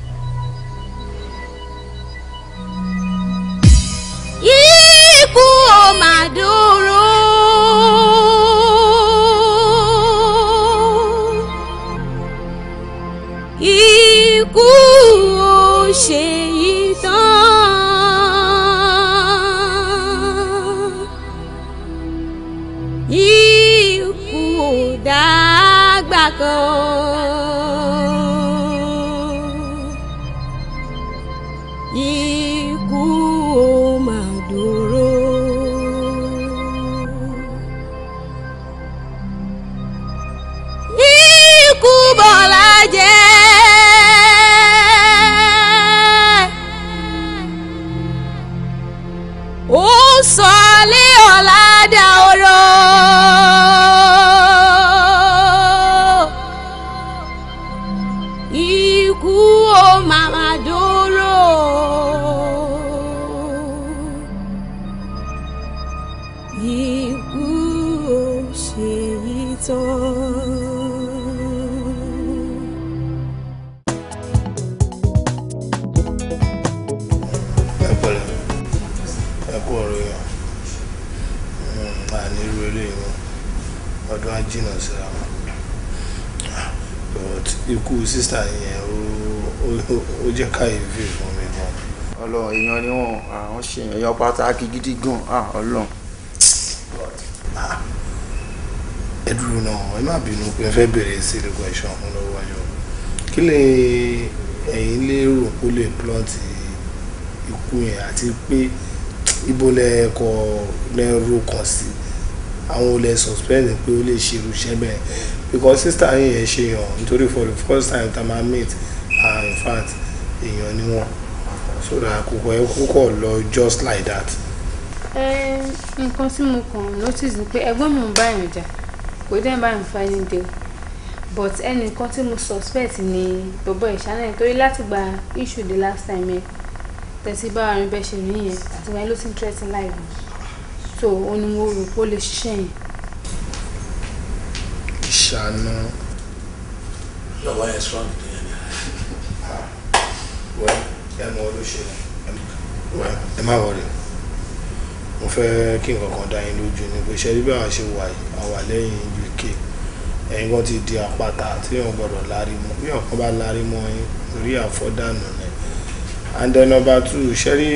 sísá yẹn ó jẹ́ káyéfì fún mi gan. Ọlọ́run èèyàn ni wọn àwọn ṣe èèyàn pàtàkì gidi gan Ọlọ́run. ẹ dúró náà ẹ má bínú pé ẹ fẹ́ bèrè sílẹ̀ question fún lọ́wọ́ yọ kí lè ẹ̀yin lérò kó lè plọ́ọ̀tì ikú yẹn àti pé ibo lẹ́ẹ̀kọ́ lẹ́ẹ̀rù kan sí àwọn olè suspect pé ó lè ṣerú iṣẹ́ bẹ́ẹ̀ because sister yín yẹn ṣe yàn nítorí for the first time tá máa meet and ah, in fact èèyàn ni wọn so that àkókò ẹ kókò lọ just like that.
nǹkan tí mo kàn notice ni pé ẹ̀gbọ́n mi ń bá èèyàn jà kò dé bá mi fa ẹni dé but ẹnìkan tí mo suspect ni bọ̀bọ̀ ìṣáná yẹn torí láti gba issue the last time yẹn tẹ̀sí bá àrùn bẹ́ẹ̀ ṣe rí yẹn àti wáyé ló ti ń threaten life so òun ni mo rò pé ó lè ṣiṣẹ́ yẹn
ṣàánú. lọ́wọ́ yẹn strong tó yẹn ni. wẹ́ ẹ mọ olóṣè wẹ́ ẹ má wọlé mo fẹ́ kí nǹkan kan dá yín lójú ni pé ṣe rí bí àwọn ṣe wà yìí àwa lẹ́yìn uk ẹ̀yin kan ti di àpáta tí èèyàn gbọ́dọ̀ lárí mọ́ bí ọ̀kan bá lárí mọ́ yín orí àfọ́dànù ni and then number two ṣe rí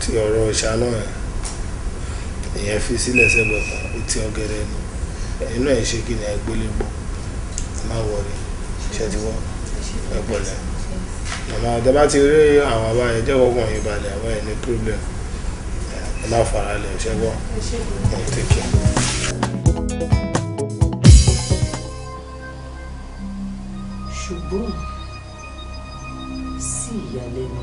ti ọ̀rọ̀ ìṣáná ẹ̀ ìyẹn fi sílẹ̀ sẹ́gbẹ̀ẹ́ kan etí ọ̀gẹ̀dẹ̀ ni inú ẹ̀ ṣe kí ni ẹ gbélé mọ́ ẹ má ṣe ti wọ́ ẹ pọ̀lẹ́ màmá dábàá ti rí àwọn àbá ẹ jẹ́ kọ́kọ́ balẹ̀ àwọn ẹ̀ ní problem ẹ má fara lẹ̀ ṣẹ́gbọ́n ẹ tẹ̀kẹ́.
ṣùgbọ́n sí ìyàlẹ́nu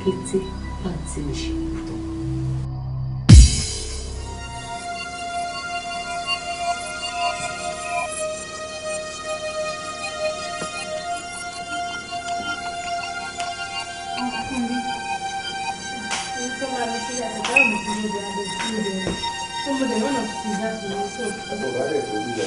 kété pàǹtí
ìṣèlú tán.
bọ̀dá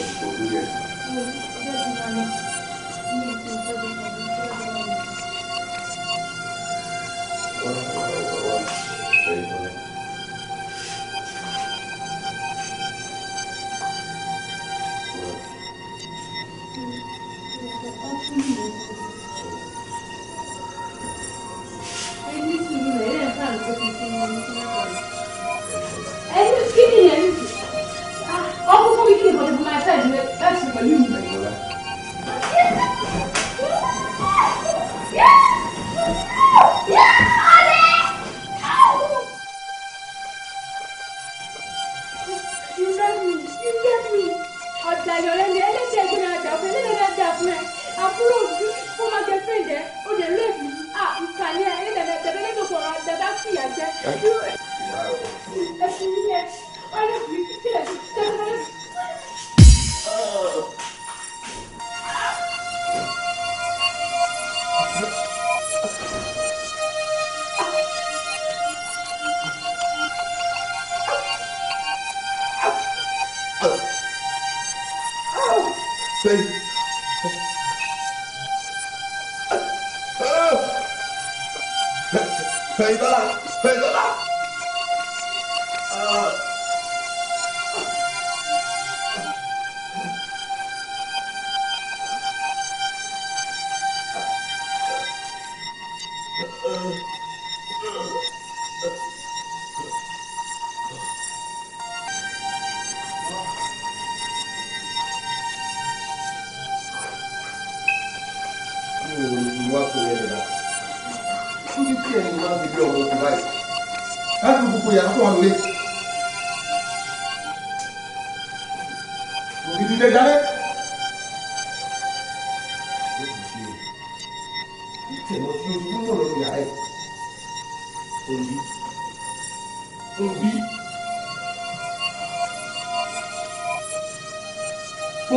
òbí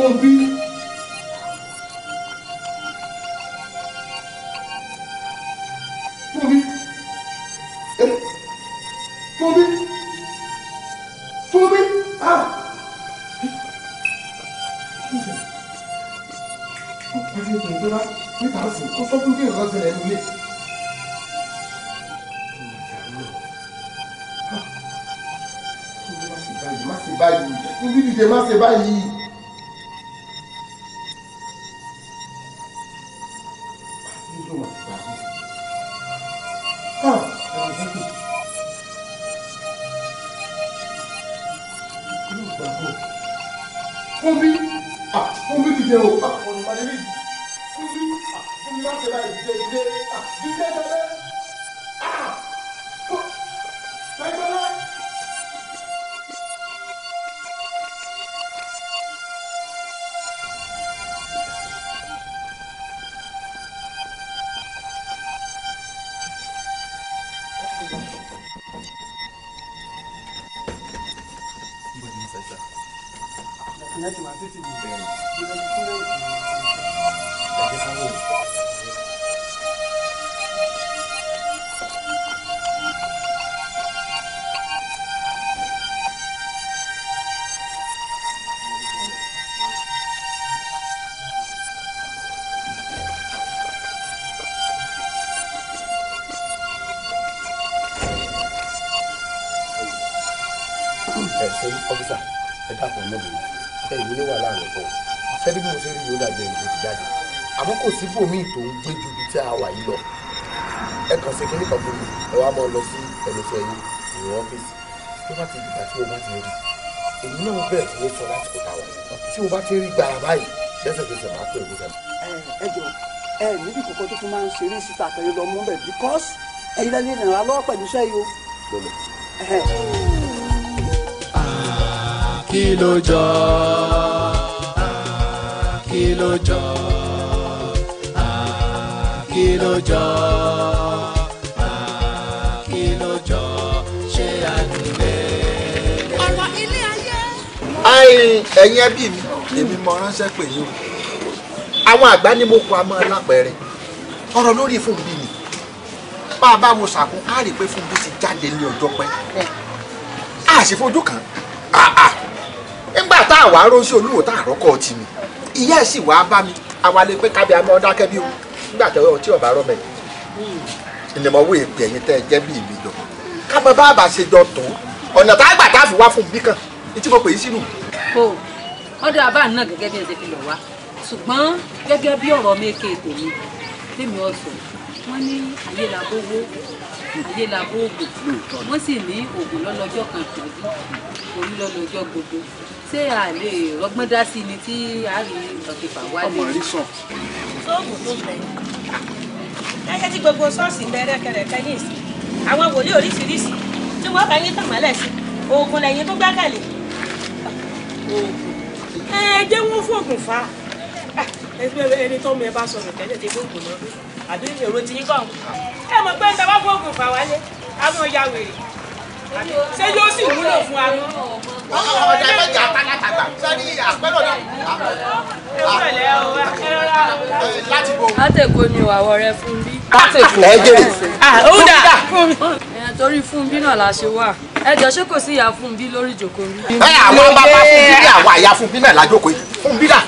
òbí òbí.
síbòmíì tó ń gbé ju ibi tí a wà yìí lọ ẹ kàn sí kíní kan fún mi ẹ wá máa lọ sí ẹlẹfẹ yín ìwọ ọfíìsì tó bá ti dìgbà tí o bá ti rí èmi náà bẹ̀rẹ̀ tí ó sọ láti kó ta wà tí o bá ti rí gbàrà báyìí lẹ́sẹ̀kẹsẹ̀ máa pè é ẹ jọ ẹ níbi kòkó tó tún máa ń ṣeré síta àtẹ̀yẹ lọ mú bẹ̀ because ẹ̀yin lẹ́ni ìrànlá lọ́wọ́ pẹ̀lú iṣẹ́ yìí o.
kí ló jọ kí ló jọ. kí ló jọ máa ló jọ
ẹ̀yin ẹbí mi èmi mọ ránṣẹ́ pè yín o àwọn àgbà ní mo kọ amọ́ lápẹẹrẹ ọ̀rọ̀ lórí Fúnbí ni bá a bá mo rí pé Fúnbí ti jáde ní a sì fojú kan. nígbà tá a olúwo tá a mi ìyá sì bá mi àwa lè pé dákẹ́ nígbà tẹ ọtí ọba rọ bẹ ìnìmọ̀wé èpè ẹ̀yin tẹ́ ẹ jẹ́ bí ìlú jọ ká mọ bá bá ṣe jọ tó ọ̀nà tá a gbà tá a fi wá fún bí kan ní tí mo pè é sínú.
o
ọdọ àbá náà gẹ́gẹ́ bí ẹ ṣe fi lọ wá ṣùgbọ́n gẹ́gẹ́ bí ọ̀rọ̀ méke tèmi tèmi ọ̀sọ̀ wọ́n ní ayé la bówó ayé la bóògùn wọ́n sì ní oògùn lọ́lọ́jọ́ kan tàbí orí lọ́lọ́jọ́ gbogbo ṣé a lè rọgbọ́n sí ni tí a rí ọ̀fìfà wálé. ọmọ rí sàn
olóògùn ló bẹ̀.
lẹ́yìn tí gbogbo ṣọ́ọ̀ṣì bẹ̀rẹ̀ kẹrẹ̀kẹ́ ní ìsìn àwọn wòlíì oríṣiríṣi tí wọ́n bá yín tàn mọ́lẹ̀ sí oògùn lẹ́yìn tó gbákàlẹ̀. ẹ wọ́n fòògùn fa ẹni tó mú ẹ bá sọ̀rọ̀ tẹ́lẹ̀ tí
gbogbo náà àbí èrò ti yín kàn. ẹ mọ̀ pé ń tẹ́ bá fòògùn fa wálé àwọn ìyá wèrè ṣé yóò sì wúlò fún
wa. ọ̀dà mẹ́jọ
àtàkàtàgbà sẹ́ni àpẹ́rọ̀ náà.
ewúrẹ́lẹ̀ ni ìwàwọ̀ rẹ fún bí. látẹ̀kọ ẹ jẹ́ ó dà fún torí fún bí náà la ṣe wà ẹ jọ ṣé kò sí ìyá fún bí lórí ìjòkó mi. ẹ àwọn bàbá fún bí ní àwa
ìyá fún bí náà lájókòó yìí fún bí náà.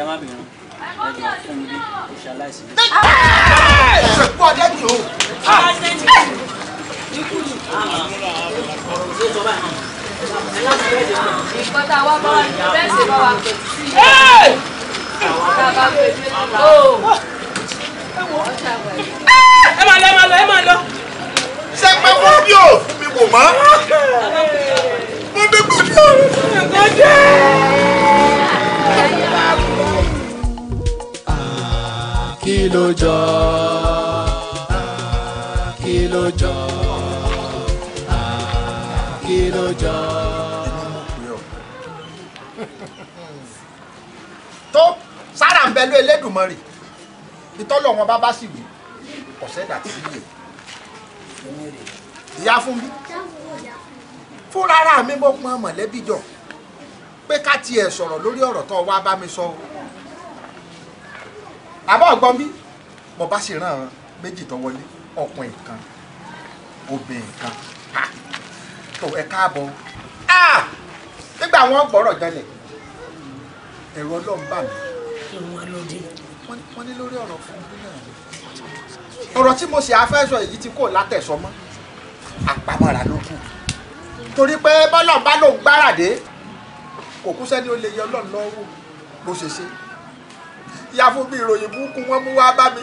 ẹ má bìnrin
ẹ fún bí ó ṣaláìsí.
ṣèpọ̀ ọ̀dẹ́bí o nǹkan tá
ẹ máa lọ ẹ máa lọ ẹ máa lọ. ṣé pé fún mi ò
mi wò mọ́ mo bí kò jù. kí
ló jọ.
tó sára ń bẹ ló Elédùmarè ìtọ́lọ̀ wọn bá bá sì wí ọ̀sẹ̀ dàtí yìí ìyá fún mi fúnrara mi mo pọn mọ̀lẹ́bí jọ pé ká tiẹ̀ sọ̀rọ̀ lórí ọ̀rọ̀ tó wá bá mi sọ àbọ̀ ọ̀gbọ́n mi mo bá sì ràn méjì tó wọlé ọkùnrin kan obìnrin kan tó ẹ káàbọ̀ ah! nígbà wọn gbọ́rọ̀ jálẹ̀ ẹ̀rọ ọlọ́run bà mí.
wọ́n ní lórí ọ̀rọ̀ fún mi
náà. ọ̀rọ̀ tí mo ṣe afẹ́sọ̀ èyí tí kò látẹ̀sọ mọ́ àpamọ́ra ló kù torí pé bọ́lọ̀ bá lòun gbáradé kò kú sẹ́ni ó lè yẹ ọlọ́run lọ́rùn bó ṣe ṣe ìyá fún mi ìròyìn burúkú wọn mú wá bá mi.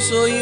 soy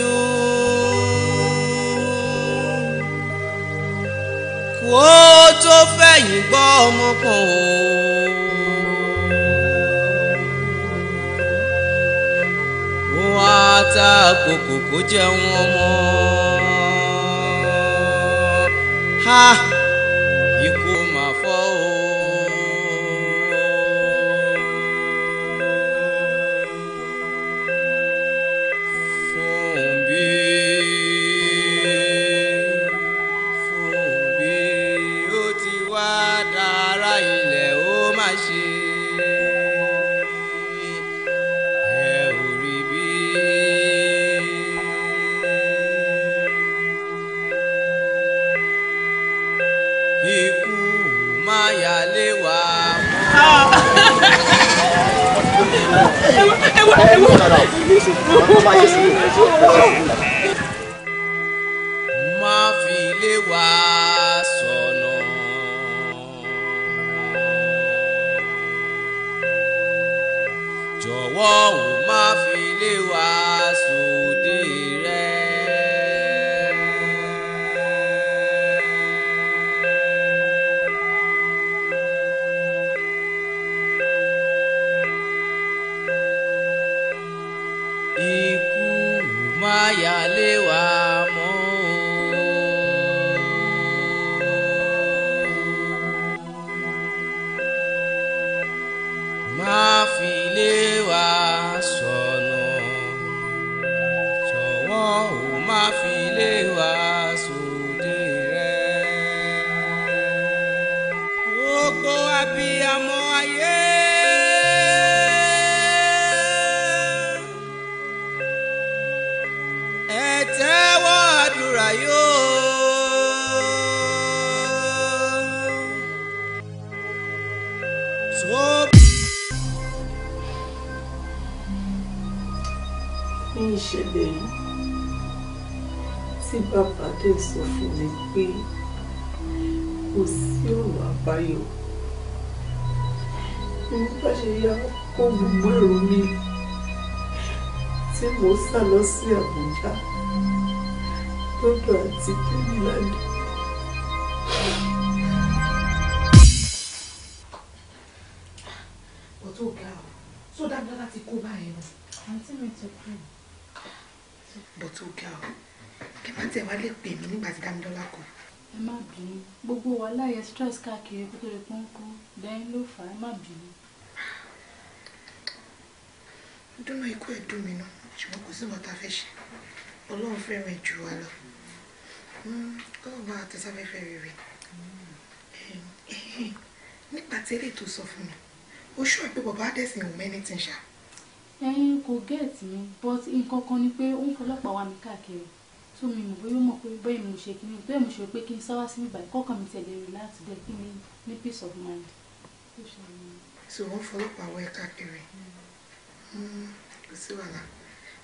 tí mò ń sá lọ sí àbújá lọ́dọ̀ àti kẹ́míládé.
ọ̀tún ọ̀gá ọ̀ tó dágbára ti kó báyìí lọ. àǹtí mi ti kú. bọ̀tún ọ̀gá ọ̀ kí bá tẹ̀ wá lè pè mí nígbà tí dámidọ́lá kù. ẹ má bínú
gbogbo wàhálà yẹn stress káàkiri kó tó lè pọ́n kú dẹ́yìn ló fà á má bínú.
dúnà ikú ẹ̀ dùn mí náà ṣùgbọ́n kò sí nǹkan tá a fẹ́ ṣe ọlọ́run fẹ́ràn jù wá lọ kọ́ọ̀ hmm, bá àtẹ̀sáfẹ́fẹ́ rere nípa tí eléyìí tó sọ fún mi ó ṣọ́ pé bàbá adẹ́sìn ò mẹ́ni tí ń ṣá.
ẹyin kò gẹ́ẹ̀tì mi but nǹkan kan ni pé ó ń fọlọ́pàá wa mi káàkiri tó mi mọ̀ bóyá ó mọ̀ pé bóyá mo ṣe kíní bóyá mo ṣe pé kí n sáwá sí bíbá ìkọ́kàn mi tẹ̀lé rẹ̀ láti dẹ̀ kí ni ní peace of mind.
ṣùgbọ́n fọlọ́pàá wa ẹ̀ káàkiri hmm, kò sí wàhálà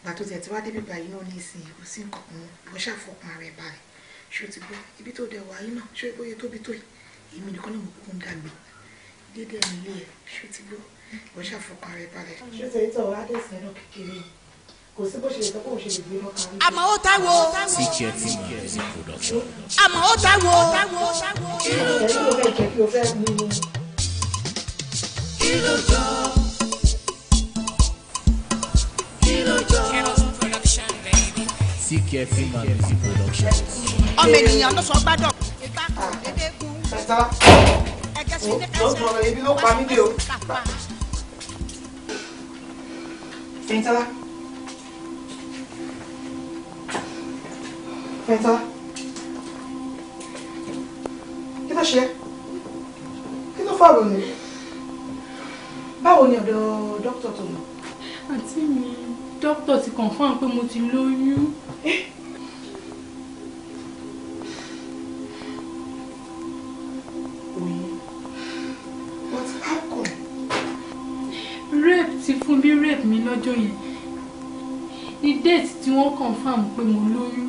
gbàtò tẹ̀ tí wá débi báyìí náà ní ìsìn kò sí nǹkan kan mo ṣàfọkàn rẹ̀ balẹ̀ ṣó ti gbọ́ ibi tó dẹ̀ wáyé náà ṣó ìbóye tóbi tó yìí èmi nìkan ni mo kúkú ń dàgbé dédé ẹ̀mí ilé ẹ̀ ṣó ti gbọ́ mo ṣàfọkàn rẹ̀ balẹ̀. ṣó ti tọ̀ wá dé ìsìn náà kékeré kò sí bó ṣe lè tọ́ bó ṣe
lè gbé lọ́kàn. àmọ́ ó táwo. cgf
music production.
àmọ́ ó táwo.
kí ló jọ. kí ló jọ.
CK Film and Music Productions. ọmọ
ènìyàn ló sọ gbádùn ìgbà kan dédé kú. ẹ̀jẹ̀ sí ní kẹsàn-án ló ń lọ pa mí dé o.
Fẹ́ntọ́lá. Fẹ́ntọ́lá. Kí ló ṣe? Kí ló fà lónìí? Báwo ni ọ̀dọ̀ dókítà tó lọ?
Àǹtí mi, dókítà ti confirm pé mo ti lóyún
what happened? Rape ti fún bí rape mi lọ́jọ́ yẹn. Ní déètì tí wọ́n confam pé mo lóyún.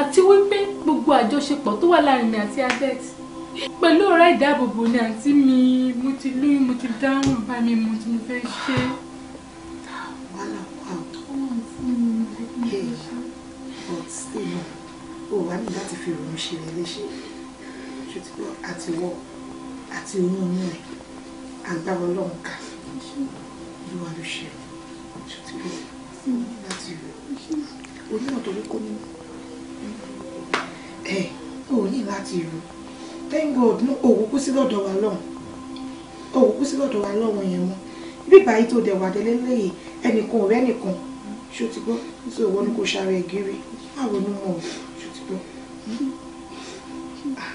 Àti wípé gbogbo àjọṣepọ̀ tó wà láàrin mi àti Adet. Pẹ̀lú ọ̀rá ìdáàbòbò ni àǹtí mi, mo ti lóyún, mo ti dáhùn bá mi, mo ti fẹ́ ṣe é. sí inú o wà ní láti fi òun ṣe rẹ léṣe ṣùtúbọ àti wọ àti inú inú ẹ agbára Ọlọ́run kà ló wà ló ṣe ṣùtúbọ láti rẹ orí náà torí kó nínú ẹ ò ní láti rò thank God ní òwò kú sí lọ́dọ̀ wa lọ́hùn òwò kú sí lọ́dọ̀ wa lọ́hùn yẹn mọ́ bíbá yìí tó dẹ̀ wà délé lẹ́yìn ẹnìkan ọ̀rẹ́ nìkan ṣó ti gbọ́ nítorí ìwọ ni kò ṣàrẹ̀ gírí báwo ni mo ṣó ti gbọ́ ah,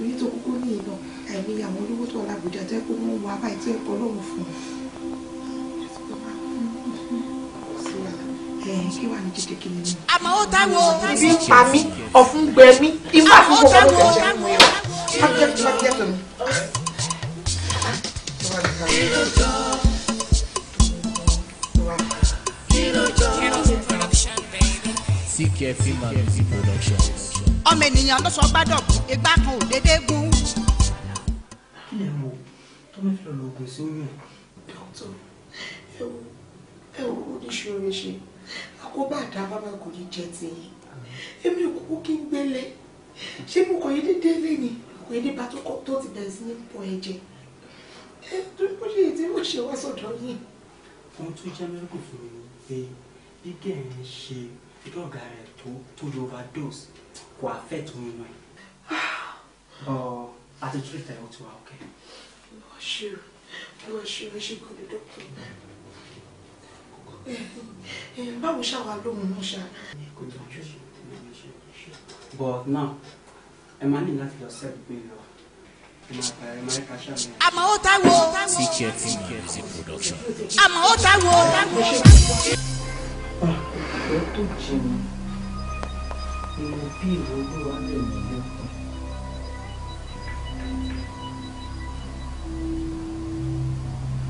èyí tó kúkú ní ìlọ ẹ̀mí àwọn olówó tó làbújá tẹ́ kó wọ́n wọ abáyé tí ẹ̀kọ́ lòun fún un.
àmọ́ ó táwo bí ń pa mí
ọ̀fun gbẹ mí ìfà fún gbogbo ọ̀dọ̀ ẹ̀jẹ̀ mú yọ. má jẹ́ kí má jẹ́ tó mi.
CKFC Music Production.
ọmọ ènìyàn ló sọ gbádọ̀gùn igbá kan ò déédéé gún.
kí lè mú tó ń fi ọlọ́gùn sí oyún
dọ́tọ̀ ẹ wo ẹ wo oníṣòro ṣe àkóbá àdábá máa kò ní jẹ ti yìí èmi kúkú kí n gbélé ṣé mo kàn yín ní délé ni kò yín nípa tó ti bẹ̀rẹ̀ sí ní pọ̀ ẹ̀jẹ̀ ẹ tó ń bójú èyí tí mo ṣe wá sọ̀dọ̀ yìí.
ohun tó jẹ́ mẹ́rìkù fún mi ni pé bí gẹ̀ẹ́rin ṣe ìdọ́gba rẹ̀ tó tó yọ overdose kò affect mi mọ́ ẹ̀ bọ́ àti treat ẹ̀ ó ti wà okay.
wọ́n ṣe wọ́n ṣe wọ́n ṣe gbọ́dọ̀ dọ́kítọ̀ eh, eh, báwo ṣàwà lóhùn náà ṣá.
kò tó ń ṣe but now ẹ máa ní láti lọ sẹ́ẹ̀dì gbé I'm
Àmọ́ ó ta wo. CKFM
Music Production.
Àmọ́ ó ta wo
ìfẹ́ tó jìnnà èrò bí ìwọ olúwa lè mí lẹ́kọ̀ọ́.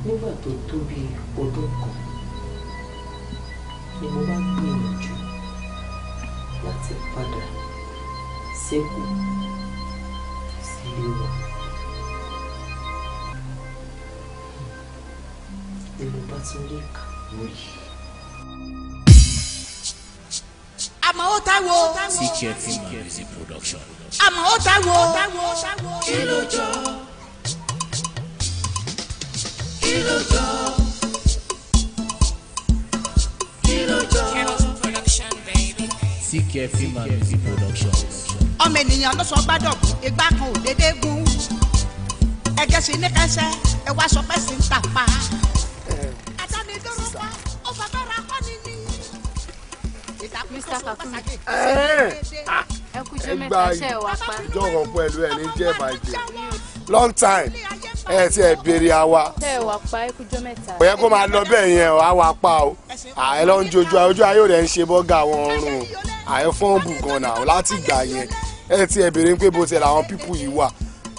nígbà tó tó ọdún kan ni mo bá gbìyànjú láti padà sékù sílé wa. ni mo bá tún lè kà lóyè.
àmọ́ ó ta wo.
music production.
àmọ́ ó kí ló jọ kí ló jọ kí ló jọ.
cgf music production.
ọmọ ènìyàn ló sọ gbádùn ìgbà kan ò déédéé gún ẹgẹ sí ní kẹsẹ ẹ wá sọ pé ń tàpá. àtàlẹ́ Mr. Eh!
pẹ̀lú ẹ ní jẹ́ bàjẹ́ long time ẹ ti ẹ béèrè àwa. ṣe kó máa lọ bẹ́ẹ̀ yẹn ọ àwa pa o àyẹ lọ ń jojú ojú ayé rẹ̀ ń ṣe bọ́gà wọn rùn àyẹ fọ́ǹbù gan náà láti gbà yẹn ẹ ti ẹ béèrè pé bó ti làwọn pípù yìí wà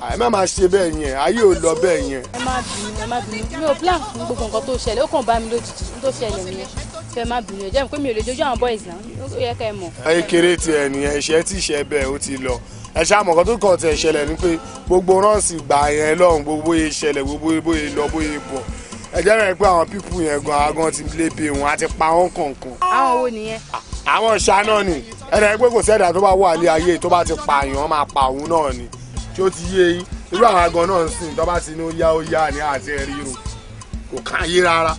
àyè má máa ṣe bẹ́ẹ̀ yẹn ayé ò lọ bẹ́ẹ̀ yẹn. ẹ
má bínú ẹ má bínú mi ò plan gbogbo nǹkan tó ṣẹlẹ̀ ó kàn bá mi lójijì tó ṣẹlẹ̀ nìyẹn tí ẹ má bínú ẹ jẹ́ pé mi ò lè dojú àwọn boys náà ó yẹ ká ẹ mọ̀.
ayé kéré ti ẹ nìyẹn ìṣẹ́ tí ìṣẹ́ bẹ́ẹ̀ ó ti lọ ẹ ṣàmọ̀kọ́ tó kàn tẹ̀ ṣẹlẹ̀
ni pé gbogbo rọ́ọ̀sì gbà yẹn lọ́hùn gbogbo yẹn ṣẹlẹ̀ gbogbo yẹn bóyá lọ bóyá bọ̀ ẹ jẹ́ rẹ̀ pé àwọn pípù yẹn gan agan ti lé wọn àti pa wọn kọ̀ọ̀kan. àwọn wo nìyẹn. àwọn ṣáná ni ẹnì ẹgbẹ́ kò sẹ́dà tó bá wà lé ayé tó bá ti pààyàn wọn máa pa òun náà ni tí ó ti yé yín irú àwọn agan náà ń sìn tó bá ti ní ó yá ó yá ni àti ẹ̀rí ro kò káyé rárá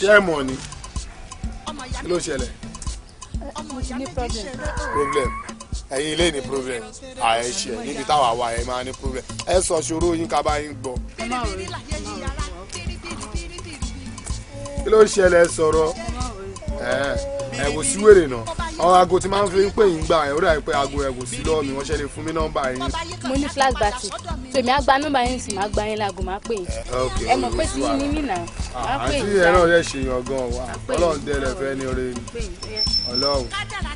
ṣé ẹ mọ̀ ni
kí ló problem.
problem ẹ̀yin ilé ní problem àyè ṣe ẹ níbi táwa wà ẹ máa ní problem ẹ sọ ṣòro yín ká bá yín gbọ́. kí ló ṣẹlẹ̀ sọ̀rọ̀ ẹ kò sí wèrè náà ọ̀rọ̀ aago tí máa ń fi pè yín gbà ẹ̀ ó dà pé aago ẹ̀ kò sí lọ́wọ́ mi wọ́n ṣe lè fún mi nọ́mbà yín.
mo ní flash battery so èmi á gba nọ́mbà yín sì máa gba yín láago máa pè yín
ẹ mọ̀ pé tí ní
nínà máa pè yín. àti ẹ̀rọ rẹ̀
ṣe yan gan wa ọlọ́run dẹ́rẹ̀ fẹ́ ní oore ni ọlọ́run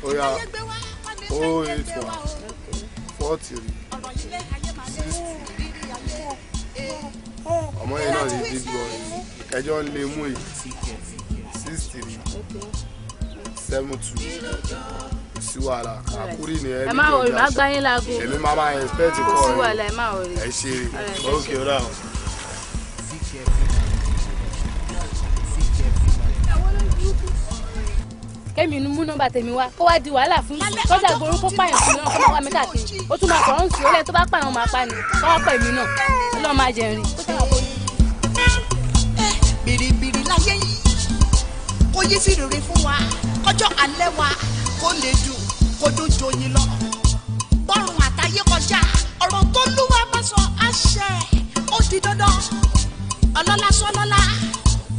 ó yá
ó eight one four three ọmọ yẹn náà ti di bọ
ẹjọ ń lè mú èyí six three seven
two kò
sí wàhálà àkúrì ni ẹ ní ìjọba ṣe èmi máa máa expect kọ́ ẹ ẹ ṣe ókè ó dà o.
kémi inú mú nọ́mbà tèmi wá kó wá di wàhálà fún sọ́jà gbòòrò kó pààyàn fún náà kó wá mi káàkiri ó tún máa kọ̀ọ̀rọ̀ ń sùn ó lẹ́yìn
tó bá pààyàn máa pa ni kó wá pẹ̀ mí náà ó lọ́ọ́ máa jẹun rí. bìrìbìrì láyé yìí kó yí sí rere fún wa kọjọ́ alẹ́ wa kó lè dùn kó dùn joyin lọ bọ́rùn àtayé kọjá ọ̀rọ̀ tó lúwa bá sọ àṣẹ ó di dandan ọlọ́lá sọlọ́lá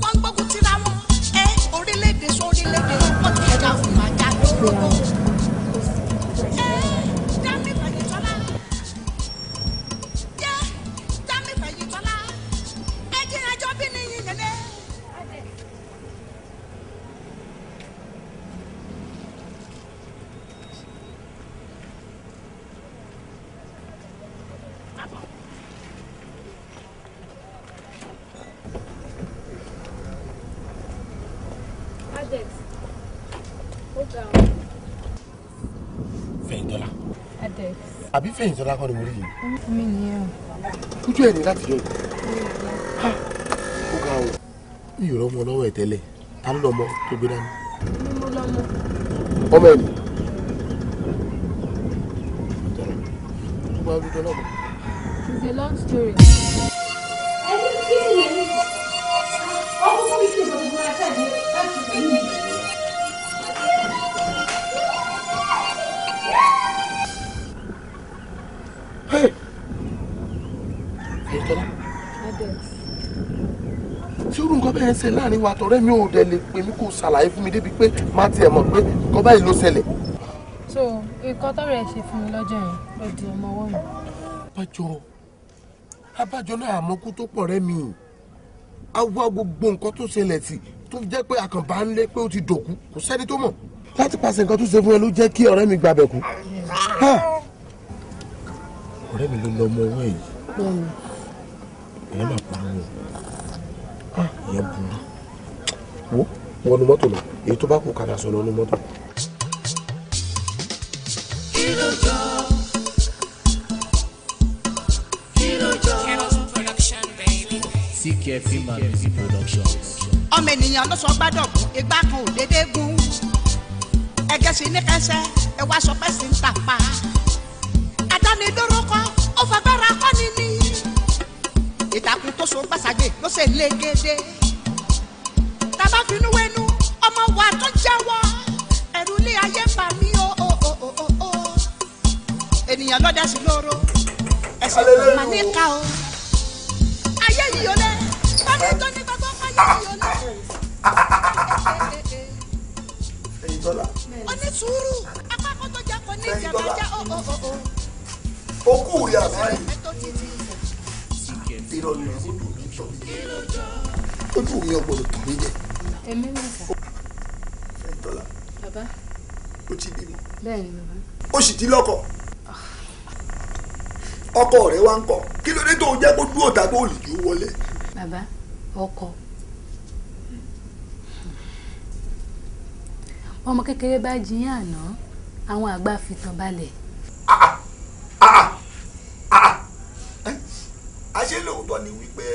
wọ́n gbógun tira wọn ẹ orílẹ̀-èdè sórílẹ̀-èdè wọ́n tẹ̀ra fún ajá lóró.
ṣé ìṣọ́lá kọ́ ni mo rí yìí. mi ni ẹ. ojú ẹ̀ ní láti yọ yìí. ó ga o mi ò rọmọ lọ́wọ́ ẹ̀ tẹ́lẹ̀ ta ló lọ́mọ tó gbé dání. ọmọ ẹ̀ ní. tó bá dúdú lọ́mọ.
it's a long story. ẹni kí ni ọkùnrin mi ti bọ̀ ní mo ra
ẹ ṣe láàrin wa tọ̀rẹ́ mi ò dẹ̀ lè pè mí kó ṣàlàyé fún mi débi pé má tiẹ̀ mọ̀ pé nǹkan báyìí ló ṣẹlẹ̀.
so nǹkan tọrọ ẹ ṣe fún mi lọ́jọ́ yẹn ló di ọmọ ọwọ́ mi.
abájọ abájọ náà àmọkú tó pọ̀ rẹ́ mi a wá gbogbo nǹkan tó ṣẹlẹ̀ sí tó jẹ́ pé àkànbá ń lé pé ó ti dòkú kò sẹ́ni tó mọ̀ láti pàṣẹ nǹkan tó ṣe fún ẹ ló jẹ́ kí ọ̀rẹ́ mi gbabẹ̀ kú. ọ̀rẹ́ mi ló lọ ọmọ ọwọ́ yìí ẹ̀yẹ́ ìyẹn burú wo wọnú mọ́tò lọ èyí tó bá kú kadà sọ lọ́nu mọ́tò.
CK Film and Music Productions.
ọmọ ènìyàn ló sọ gbádọ̀gùn igbá kan ò déédéé gún ẹgẹ sí ní kẹsẹ ẹ wá sọ pé sí ń tàpá adánidóró kọ ó fagbára ìtàkùn tó so gbàsàgbé ló ṣe légede tàbá finú wẹnu ọmọ wa tó jáwọ́ ẹ̀rù ilé ayé bà mí o o o o o ènìyàn lọ́dẹ sí lóró ẹ̀sìn kò má ní ká o ayé yìí bámi tó ní gbogbo ayé yìí onísùúrù apá kọ́tọ́jà kò ní ìjàmbá já o o o. okú rí àbí
irọ́ ni ó dùn mí jọ ó dùn mí ọ̀pọ̀ tàn mí jẹ.
ẹ̀mí mẹ́ta. fẹ́ntọ́lá. bàbá.
ó ti bímọ. bẹ́ẹ̀ ni bàbá. ó sì ti lọ́kọ. ọkọ rẹ wá ń kọ kí ló dé tó jẹ́ kó dúró tàbí ó lè jó wọlé. bàbá ọkọ
ọmọ kékeré bá jiyàn àná àwọn àgbà fìtàn balẹ̀. Ah, ah,
ah, àṣé ló òótọ́ ni wípé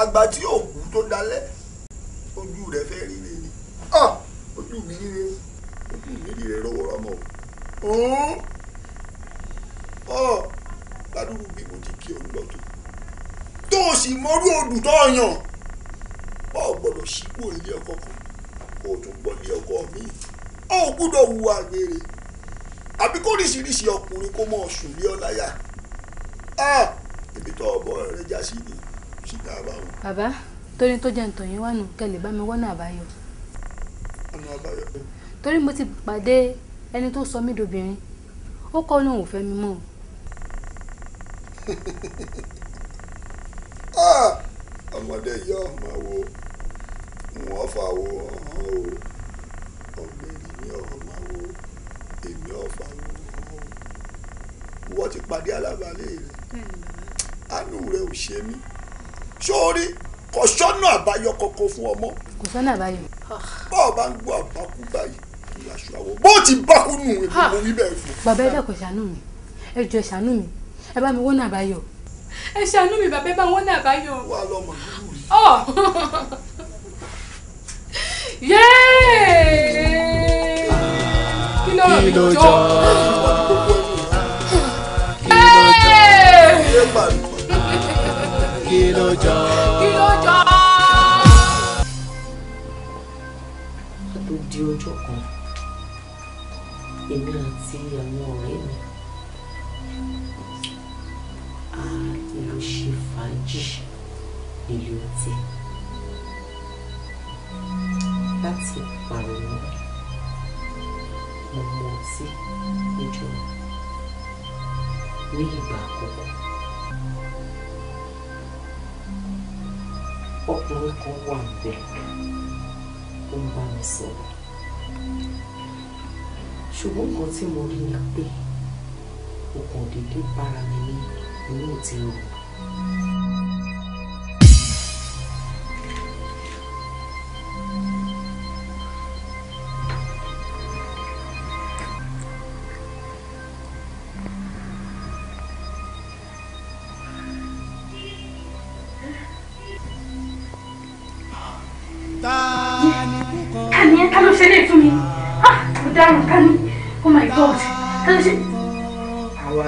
àgbà tí òkú tó dalẹ̀ ojú rẹ̀ fẹ́ ríre ni ojú mi ríre ojú mi ríre lọ́wọ́ ọmọ o ládùúgbò bí mo ti kí ọ lọ́tọ̀ tó o sì mọ́rú odù tó yàn ọ gbọ́dọ̀ síkú ilé ọkọ kan kó o tún gbọ́ ilé ọkọ mi ọ gbọ́dọ̀ wu àgbèrè àbí kó oríṣiríṣi ọkùnrin kó mọ̀ ọ̀sùn lé ọ láyà èmi tó ọbọ rẹ já sí ni síta àbáwọn.
bàbá
torí tó jẹ́ ntọ̀yìn wà nù kẹlẹ̀ bá mi wọ́nà àbáyọ. ọ̀nà àbáyọ. torí mo ti pàdé ẹni tó sọ mí dobìnrin ó kọ́ ní òun fẹ́ mi mọ́.
Ah! ọmọdé yọ ọmọ wo wọn fà wo ọmọ o ọgbẹrì ní ọmọ wo èmi ọfà wo ọmọ o wọ́n ti pàdé alábàálẹ̀ rẹ̀ àánú rẹ ò ṣe mí sórí kò sọ́nà àbáyọ kankan fún ọmọ. kò sọ́nà àbáyọ. bá ọba ń gbọ́ àbákú báyìí ìyá aṣọ àwọ̀
bó ti bákú nù èmi mo wí bẹ́ẹ̀ fún. bàbá ẹ dẹ́kun ṣàánú mi ẹ jọ̀ọ́ ṣàánú mi ẹ bá mi wọ́n náà báyọ̀. ẹ ṣàánú mi bàbá ẹ bá wọ́n náà báyọ̀. wà á lọ mọ̀ nínú rí. Oh!
kí ló rọ̀ mí jọ.
kí ló jọ. kí ló
jọ.
tó di ọjọ́ kan èmi àti àwọn ọ̀rẹ́ mi a lọ ṣe fàájì nílé ọtí láti pàrọ̀ mo mọ ọtí níjọba ní ìgbà àkọ́kọ́. ọkùnrin kan wà níbẹ̀ tó ń bá mi sọ̀rọ̀ ṣùgbọ́n nǹkan tí mo rí ni pé mo kàn déédéé mi ní inú ìtirò
out kí ló ṣe. àwa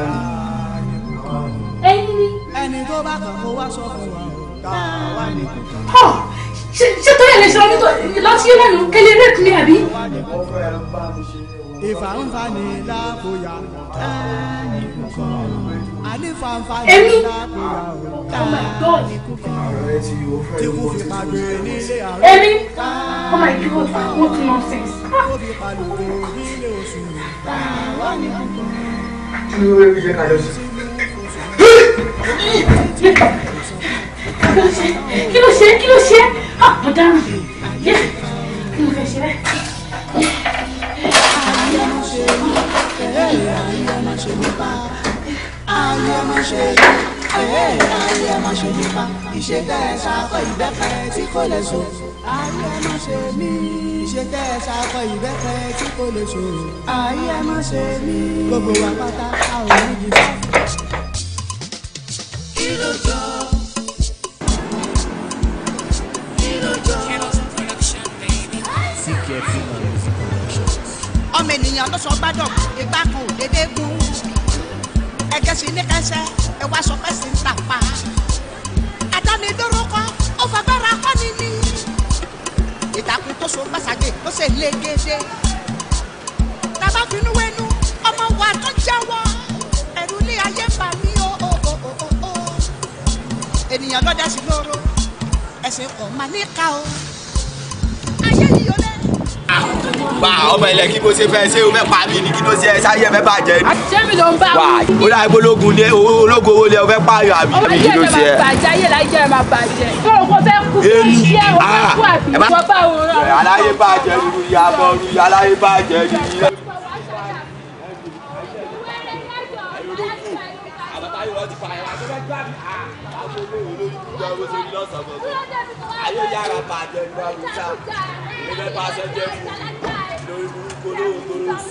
ni. ẹyin ni. ẹni tó bá kàn kó wá sọ fún wa táwa ni.
oh my god
èmi oh my god what nonsense kí
ló
ṣe kí ló ṣe mo dáhùn kí
mo fẹ́ ṣe bẹ́ẹ̀. Ayé máa ṣe
ayé máa ṣe nípa ìṣẹ̀dá kọ́ ìgbẹ́fẹ́ tí kò lè so. Ayé máa ṣe mí ṣe tẹ́ ẹ ṣàkọ ìbẹ́pẹ tí kò lè ṣòro. ayé ẹ má ṣe mí. gbogbo wa pátá a ò ní jù bá.
kí ló jọ? kí ló jọ?
ọmọ ènìyàn lọ́sọ̀ gbádùn ìgbà kan ò dédé gún ẹ̀jẹ̀ sí ní kẹsẹ̀ ẹ̀ wá sọ fẹ́ sí ń tàpá àdáni dàkún tó so gbàsàgbé ó sì légeṣe. tàbá finú wẹnu ọmọ wa tó jáwọ́ ẹ̀rù ilé ayé bà mí o ènìyàn lọ́dá sí lóró ẹ̀sìn kò máa níka o
wà
ọmọ ilẹ̀ kí mo ṣe fẹ́ ṣé o fẹ́ pa mí ni kí ló ṣe ẹ sáyé ẹ fẹ́ bàjẹ́ ni. ṣé mi ló ń bá wọn. wà ó dà ẹ́ ológun ní ológun owó lẹ o fẹ́ pààyàn àbí ọmọ ìjẹ́ ẹ máa
bàjẹ́ ayé láyé jẹ́ bàjẹ́. bọ́lá kò fẹ́
kú fún iṣẹ́ o fẹ́ àbí wọ́n
bá yára
bàjẹ́ ni
wọ́n ń ẹgbẹ́ bá aṣọ jẹ́ fún
lórí burúkú olówó tó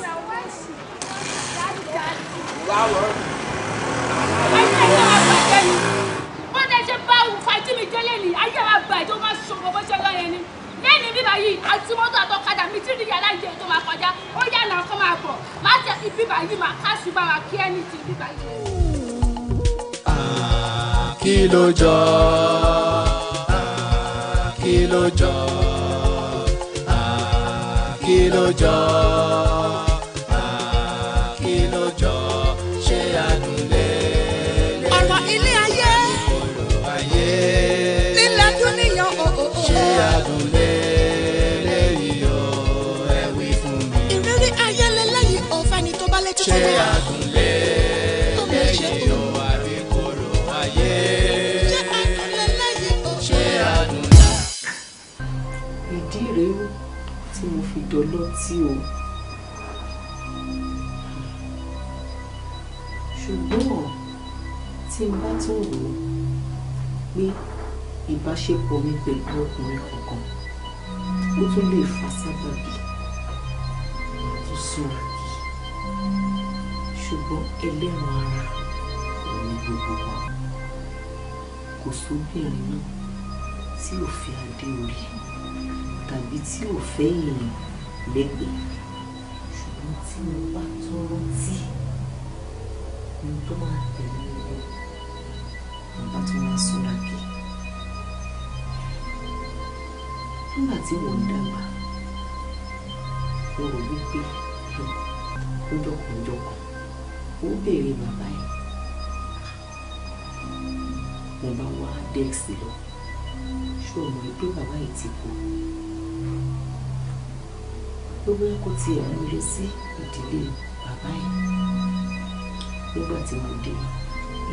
kí ló jọ kí ló jọ kí ló
dọ̀lọ́tì o ṣùgbọ́n tí n bá tún wò ó pé ìbáṣepọ̀ mi pẹ̀lú ọkùnrin kankan ó tún lè fa sábàbí tó súnra kí ṣùgbọ́n ẹlẹ́ran ara òun gbogbo wa kò sóbìnrin náà tí ò fẹ́ adé orí tàbí tí ò fẹ́ ìrìn lépè ṣùgbọ́n tí mo bá tó rántí ohun tó máa tẹ̀lé mi bàbá tó máa sọ́ra kí nígbà tí wọ́n dàgbà mo rò wípé lọ́jọ́kọ̀ọ́jọ́kọ̀ ó béèrè bàbá ẹ̀ mo bá wá dẹ́ẹ̀sì lọ ṣé o mọ̀ pé bàbá yìí ti kú pé bóyá kò tiẹ̀ mú yọ sí ìdílé bàbá yìí nígbà tí mo dé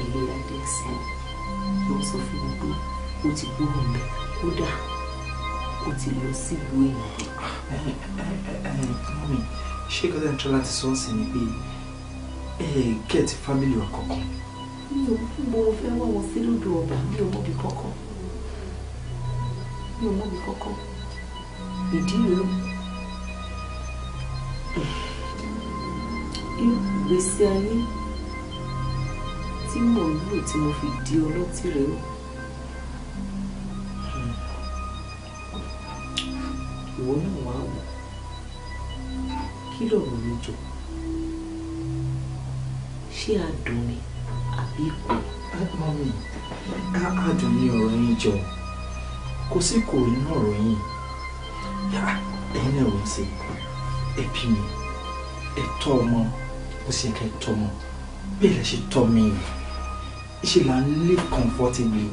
ilé adéṣe ló sọ fún mi pé ó ti gbóhùn mi kódà ó ti lọ sílùú èyí. mọ́mí ṣé kọ́tà ní tọ́lá ti sọ ń sìn ní pé gẹ̀ẹ́tì fámìlì wa kankan. mi ò gbọ́ mo fẹ́ wá wọn sí lódò ọba mi ò mọ̀bi kankan mi ò mọ̀bi kankan ìdí rèé rí ìgbésí ayé tí mò ń lò tí mo fi di ọlọ́tí rẹ̀ o. ìwọ náà wá wò kí lọ̀rọ̀ mi jọ ṣé adùn ni àbí ikú. mọ́mí adùn ni ọ̀rọ̀ yín jọ kò sí kò nínú ọ̀rọ̀ yín ẹ̀yin náà wọ́n ṣe ẹbí mi ẹ̀tọ́ ọmọ ó sì yẹ ká tọ́ ọmọ bẹ́ẹ̀ lẹ ṣe tọ́ mi ìṣe là ń lè comfortably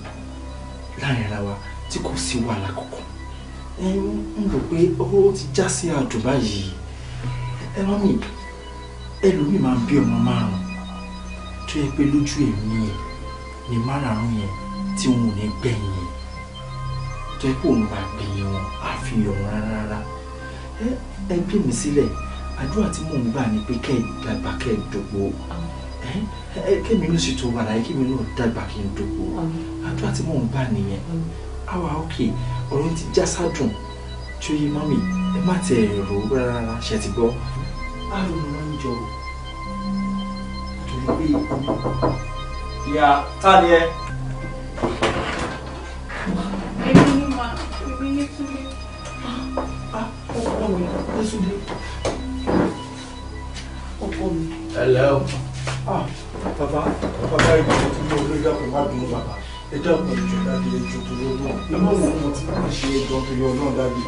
láàrin ara wa tí kò sí wàhálà kankan ẹ ń rò pé ó ti já sí àdùn báyìí ẹ rán mi ẹlòmíì máa bí ọmọ márùn tó yẹ pé lójú èmi ni márààrún yẹn tí wọn ò ní gbẹ̀yìn tó yẹ pé òun máa gbẹ̀yìn àfihàn rárá ẹbí mi sílẹ̀ àdúrà tí mò ń gbà ni pé kẹ́ ẹ dàgbà kẹ́ ẹ dògbò kémi ló ṣètò wàrà yìí kémi náà dàgbà kí n dògbò àdúrà tí mò ń gbà nìyẹn àwa òkè ọ̀rọ̀ ti já sádùn tí ó yé mọ́mì
ẹ má tẹ ẹ̀rọ rárá ṣe ti gbọ́ àrùn ló ń jọ torí pé
ìyá ta ni ẹ.
èmi ni màá èmi ní Túndé.
Ah, ọkọ mi ní Túndé. Hello. Ah, Papa. Papa, ọkọ mi.
ẹ lẹ́ o. Ah, bàbá bàbá ìgbà tó ti ní olórí dàpọ̀ má bínú bàbá ẹ dàpọ̀ ìjọ dáadé ìjọ tó yọ náà ẹ má wọ ọmọ tí kò
ṣe ìjọ tó yọ náà dáadé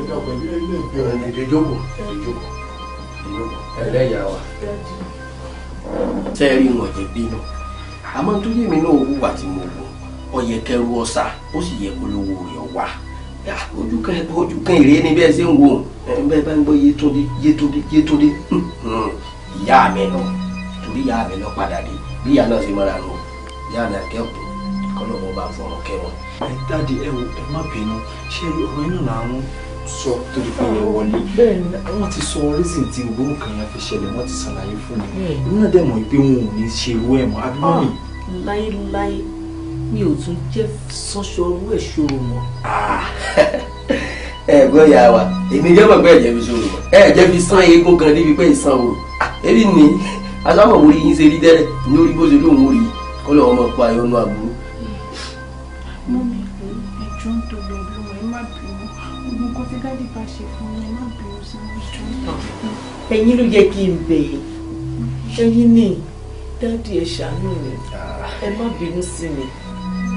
ẹ dàpọ̀ ilé ilé ìgbé ọ̀rọ̀. èdè jókòó èdè jókòó ẹlẹ́yà wa tẹ́ rí wọn jẹ bínú àmọ́ tó yé mi náà wúwà tí mo wù ọ yẹ kẹrù ọ̀sà ó sì yẹ polówó rẹ̀ wá. Ah, ojú kan ẹ̀bọ ojú kan ìrè ni bẹ́ẹ̀ ṣe ń wo bẹ́ẹ̀ bá ń gbọ́ Yétúndé Yétúndé Yétúndé ìyá mi lọ torí ìyá mi lọ padà dé bí ìyá náà ṣe mọ́ra lọ ìyá mi àkẹ́kọ̀ọ́ kọ́nà wọn bá fọ̀rọ̀ kẹwọn. ẹ dáàdi ẹ wo ẹ má bínú ṣé ọ̀rọ̀ inú làwọn sọ tó pé yẹn wọlé
wọ́n ti sọ reason tí gbogbo kan yẹn fi ṣẹlẹ̀ wọ́n ti ṣàlàyé fún mi ìwé dẹ̀ mọ̀ pé wọn ò ní
ṣerú ẹ̀ mọ́
mi ò tún jẹ́ sọ́sọ́rú ẹ̀ṣọ́rò mọ́.
ẹ gbọ́ ya wa èmi jẹ́ mọ̀ pé ẹ̀jẹ̀ mi ṣòro mọ́
ẹ jẹ́ fi san egbò gan níbi pé ìsan o èmi ni aṣọ́mọ̀ orí yín ṣe rí dẹ́rẹ́ ní orí bó ṣe lóun orí kọ́lọ́ ọmọ pa ayọ́nú àbúrò.
mú mi kú
ẹjọ́ ń tó lọ lọ́wọ́ ẹ má bínú ogun kan tí dáàdì bá ṣe fún mi ẹ má bínú sí mi jù.
ẹ̀yin ló yẹ kí n bẹ̀ ẹ̀yin ni dáàdì ẹ mi ah. ẹ má bínú sí mi.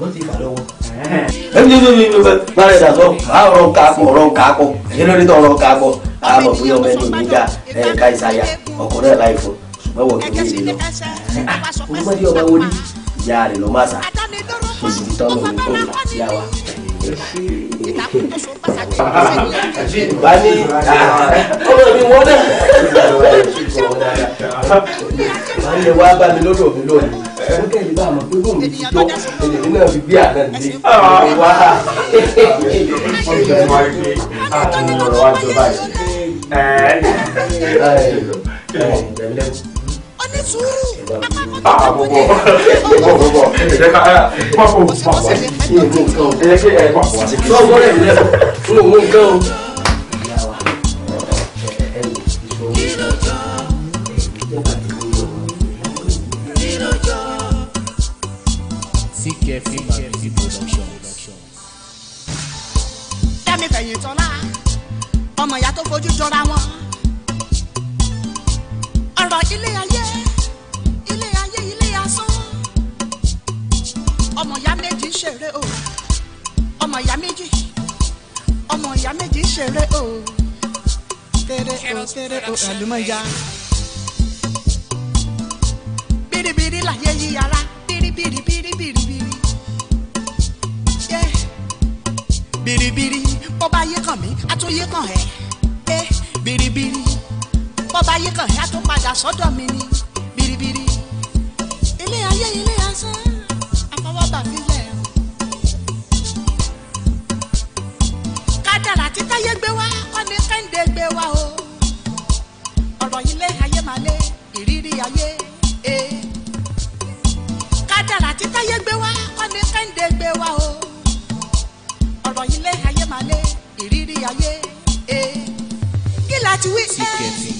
ló ti kà lọ́wọ́. bá rẹ̀ dàtọ̀ máa rọ̀ kakọ̀ rọ̀ kakọ̀ èyí lórí tó rọ̀ kakọ̀ àmọ̀ fún yọmọ ẹni ìníjà ẹ̀ ká ìsáyà ọkùnrin ẹ̀ láì fún ṣùgbọ́n wọ̀ kí wọ́n lè lọ. olùmọdé ọba wọlé ìyá rẹ̀ ló má sà oṣù tó lọ ní kó yá wa. bá ní ọmọ mi wọ́n náà. bá ní ẹ wá bá mi lọ́dọ̀ mi lónìí sókè lè bá a mọ̀ pé bóun ti jọ èdè náà fi gbé àná lé ah. wá.
ọ̀rọ̀ wa jọ báyìí. Ah, bọ̀ bọ̀ bọ̀ bọ̀ bọ̀ ẹ̀jẹ̀ ká ẹ̀ pọ̀ pọ̀ pọ̀ pọ̀ ẹ̀jẹ̀ kí ẹ̀ pọ̀ pọ̀ àti kí. Sọ́wọ́ rẹ̀ lẹ́nu, mo mú nǹkan o.
ilé ayé ilé ayé ilé asán ọmọ ìyá méjì ń ṣeré o ọmọ ìyá méjì ọmọ ìyá méjì ń ṣeré o tèrè o tèrè o àlùmọ̀yà bìrìbìrì láyé yíyára bìrìbìrì bìrìbìrì bìrìbìrì bó bá yé kàn mí á tún yé kàn ẹ́ bìrìbìrì bọ́ba yìí kàn yá tó padà sọ́dọ̀ mi ni biribiri. ilé ayé ilé asán àfọwọ́bà fílẹ̀. kádàrà tí gbé wá kọ́ ni kẹ́hìndé gbé wá o. ọ̀rọ̀ ilé ayé máa lé ìrírí ayé. E. kádàrà tí gbé wá kọ́ ni kẹ́hìndé gbé wá o.
ọ̀rọ̀ ilé ayé máa lé ìrírí ayé. E. kí la wí ẹ́.